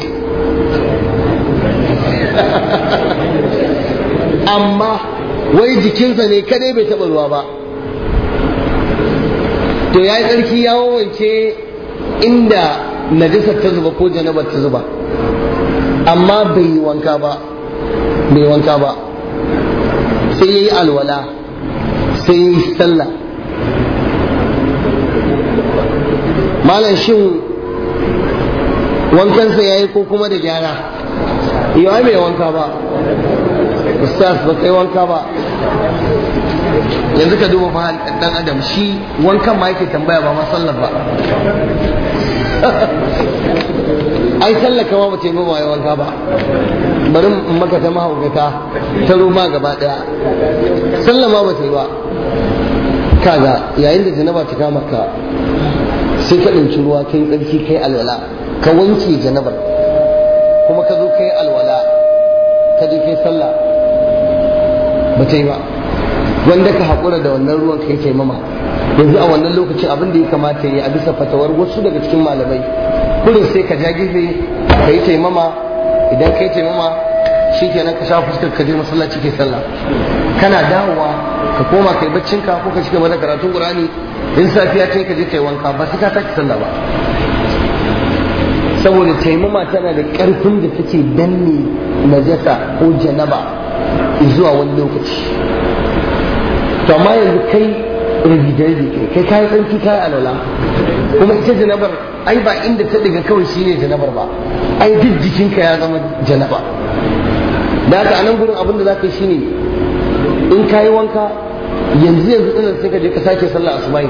amma wai jikinsa ne kadai bai taɓa ruwa ba to ya yi tsarki ya wawance inda najisar ta zuba ko janabar ta zuba amma bai yi wanka ba bai wanka ba sai ya yi alwala sai ya yi sallah malam shin wankansa ya yi ko kuma da gyara iya mai wanka ba ustaz ba kai wanka ba yanzu ka duba fahal dan adam shi wankan ma yake tambaya ba masallar ba ai sallaka ma mace ba ya wanka ba bari in maka ta mahaukata ta roma gaba daya sallama ba ta yi ba kaga yayin da janaba ta kama ka sai ka ɗauki ruwa kai tsarki kai alwala ka wanke janabar kuma ka zo kai alwala ka je kai sallah ba ta yi ba wanda ka haƙura da wannan ruwan kai taimama yanzu a wannan lokacin abin da ya kamata ya yi a bisa fatawar wasu daga cikin malamai kudin sai ka jagize ka yi taimama idan ka yi taimama shi kenan ka sha fuskar ka je masallaci ke sallah kana dawowa ka koma kai baccin ka ko ka cika mana karatun qur'ani in safiya ta ka je kai wanka ba sai ka tashi sallah ba saboda taimama tana da karfin da take danne najasa ko janaba zuwa wani lokaci to amma yanzu kai rabidabi kai kai kayi tsanki kai alwala kuma ita janabar ai ba inda ta daga kawai shine janabar ba ai duk jikinka ya zama janaba da haka anan gurin abin da za ka yi shine in ka yi wanka yanzu yanzu ɗin sai ka je ka sake sallah asubahi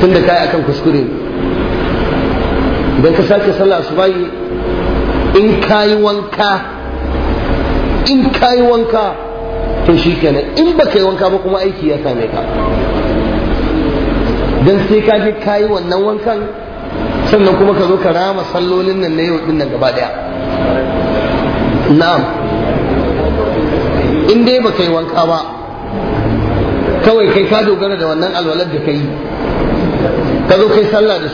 tun da kayi akan kuskure Dan ka sake sallah asubahi in yi wanka in yi wanka to shi kenan in ba ka yi wanka ba kuma aiki ya same ka don sai ka je ka yi wannan wankan sannan kuma ka zo ka rama sallolin nan na yau din nan gaba daya na'am in dai ba kai wanka ba kawai kai ka dogara da wannan alwalar da kai ka zo kai sallah da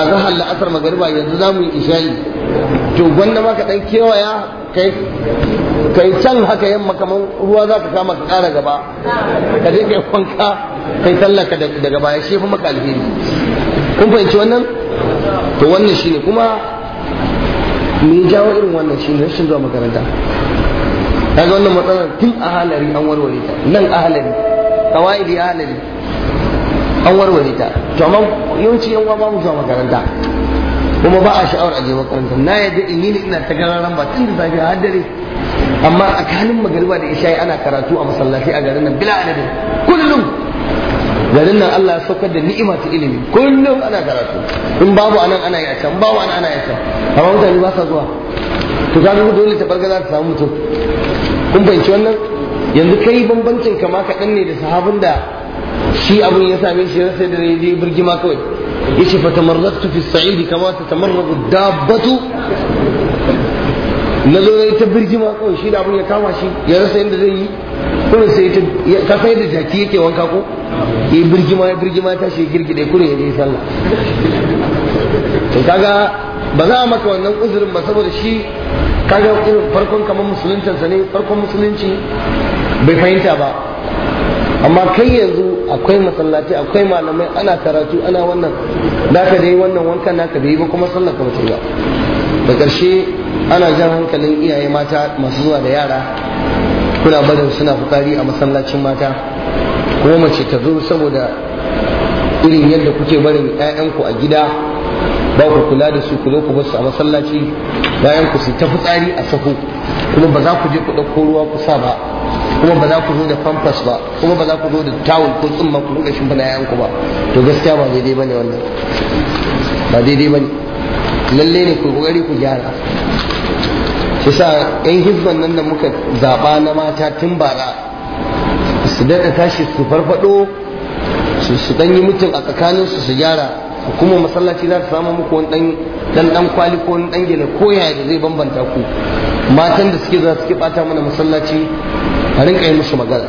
azhar la'asar magariba yanzu za mu yi isha'i to gwanda ma ka dan kewaya kai kai can haka yamma kamar ruwa za ka kama ka kara gaba ka je kai wanka kai sallah ka daga baya shi fa maka alheri kun fahimci wannan to wannan shine kuma me jawo irin wannan shine rashin zuwa makaranta kaga wannan matsalar tun a halari an warware ta nan a halari kawai a halari an warware ta to amma yawanci yan uwa ba mu zuwa makaranta kuma ba a sha'awar aje makaranta na yadda in yi ina ta gararan ba tun da safe har dare amma a kanin magariba da isha'i ana karatu a masallaci a garin nan bila adadin kullum garin nan Allah ya saukar da ni'ima ta ilimi kullum ana karatu in babu anan ana yi a can babu anan ana yi a can amma mutane ba sa zuwa to kaga dole ta bargaza ta samu mutum kun fahimci wannan yanzu kai bambancin kama kaɗan ne da sahabin da shi abin ya same shi rasa da zai je ma kawai ce fa tamarraktu fi sa'idi kama ta tamarraku dabbatu na zo yi ta ma kawai shi da abin ya kama shi ya rasa yadda zai yi kuma sai ta ka sai da jaki yake wanka ko ya ma ya ma ta shi girgide kuma ya je sallah to kaga ba za a maka wannan uzurin ba saboda shi kaga irin farkon kamar musuluncinsa ne farkon musulunci bai fahimta ba amma kai yanzu akwai masallaci akwai malamai ana karatu ana wannan da ka yi wannan wankan naka da yi ba kuma sallar ka ba da ƙarshe ana jan hankalin iyaye mata masu zuwa da yara kuna barin suna fukari a masallacin mata kuma mace ta zo saboda irin yadda kuke barin 'ya'yanku a gida ba ku kula da su ku zo ku basu a masallaci bayan ku su ta fitsari a sahu kuma ba za ku je ku ɗauko ruwa ku sa ba kuma ba za ku zo da famfas ba kuma ba za ku zo da tawul ko tsumma ku rinka shimfiɗa ku ba to gaskiya ba daidai bane wannan ba daidai bane lalle ne ku kokari ku gyara shi sa yan hizban nan da muka zaɓa na mata tun bara su daɗa tashi su farfaɗo su su ɗanyi mutum a tsakaninsu su gyara hukumar masallaci za ta samu muku wani dan dan kwali ko wani dan gele ko yaya da zai bambanta ku matan da suke za suke bata mana masallaci a rinka yi musu magana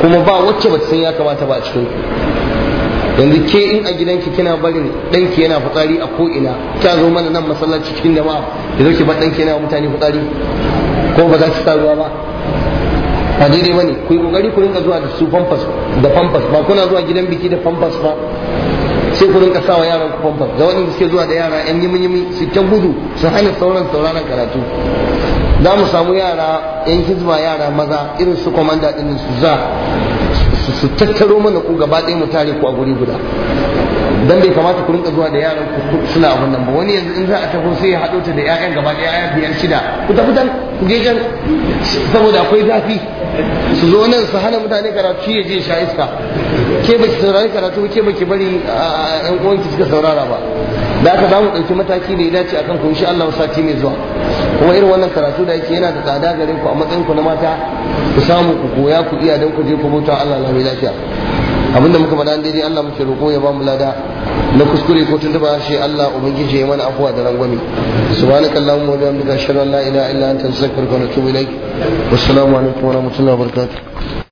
kuma ba wacce ta san ya kamata ba a cikin ku yanzu ke in a gidanki kina barin danki yana fitsari a ko ina ta zo mana nan masallaci cikin da ba da ki bar danki yana mutane fitsari ko ba za ki sa ruwa ba ba daidai bane ku yi kokari ku rinka zuwa da su famfas da famfas ba kuna zuwa gidan biki da famfas ba sai ku rinka sawa yaran ku famfas ga wani suke zuwa da yara yan yimi yimi su ta gudu su hana sauran sauraron karatu za mu samu yara yan hizba yara maza irin su komanda ɗin su za su tattaro mana ku gaba ɗaya mu tare ku a guri guda dan bai kamata ku rinka zuwa da yaran ku suna abun nan ba wani yanzu in za a tafi sai ya haɗo ta da ƴaƴan gaba ɗaya ƴaƴa biyar shida ku tafi dan ku je can saboda akwai zafi su zo nan su hana mutane karatu ya je sha iska ke ba ki saurari karatu ke ba ki bari ƴan ki suka saurara ba da aka za mu ɗauki mataki da ya dace akan ku insha Allah sati mai zuwa kuma irin wannan karatu da yake yana da tsada gare ku a matsayin ku na mata ku samu ku koya ku iya dan ku je ku mutu Allah lafiya abinda muka faɗa daidai Allah muke roƙo ya ba mu lada na kuskure ko tuntuba shi Allah ubangiji ya mana afuwa da rangwame subhanakallahumma wa bihamdika ashhadu an la ilaha illa anta astaghfiruka wa atubu ilaik wassalamu alaikum wa rahmatullahi wa barakatuh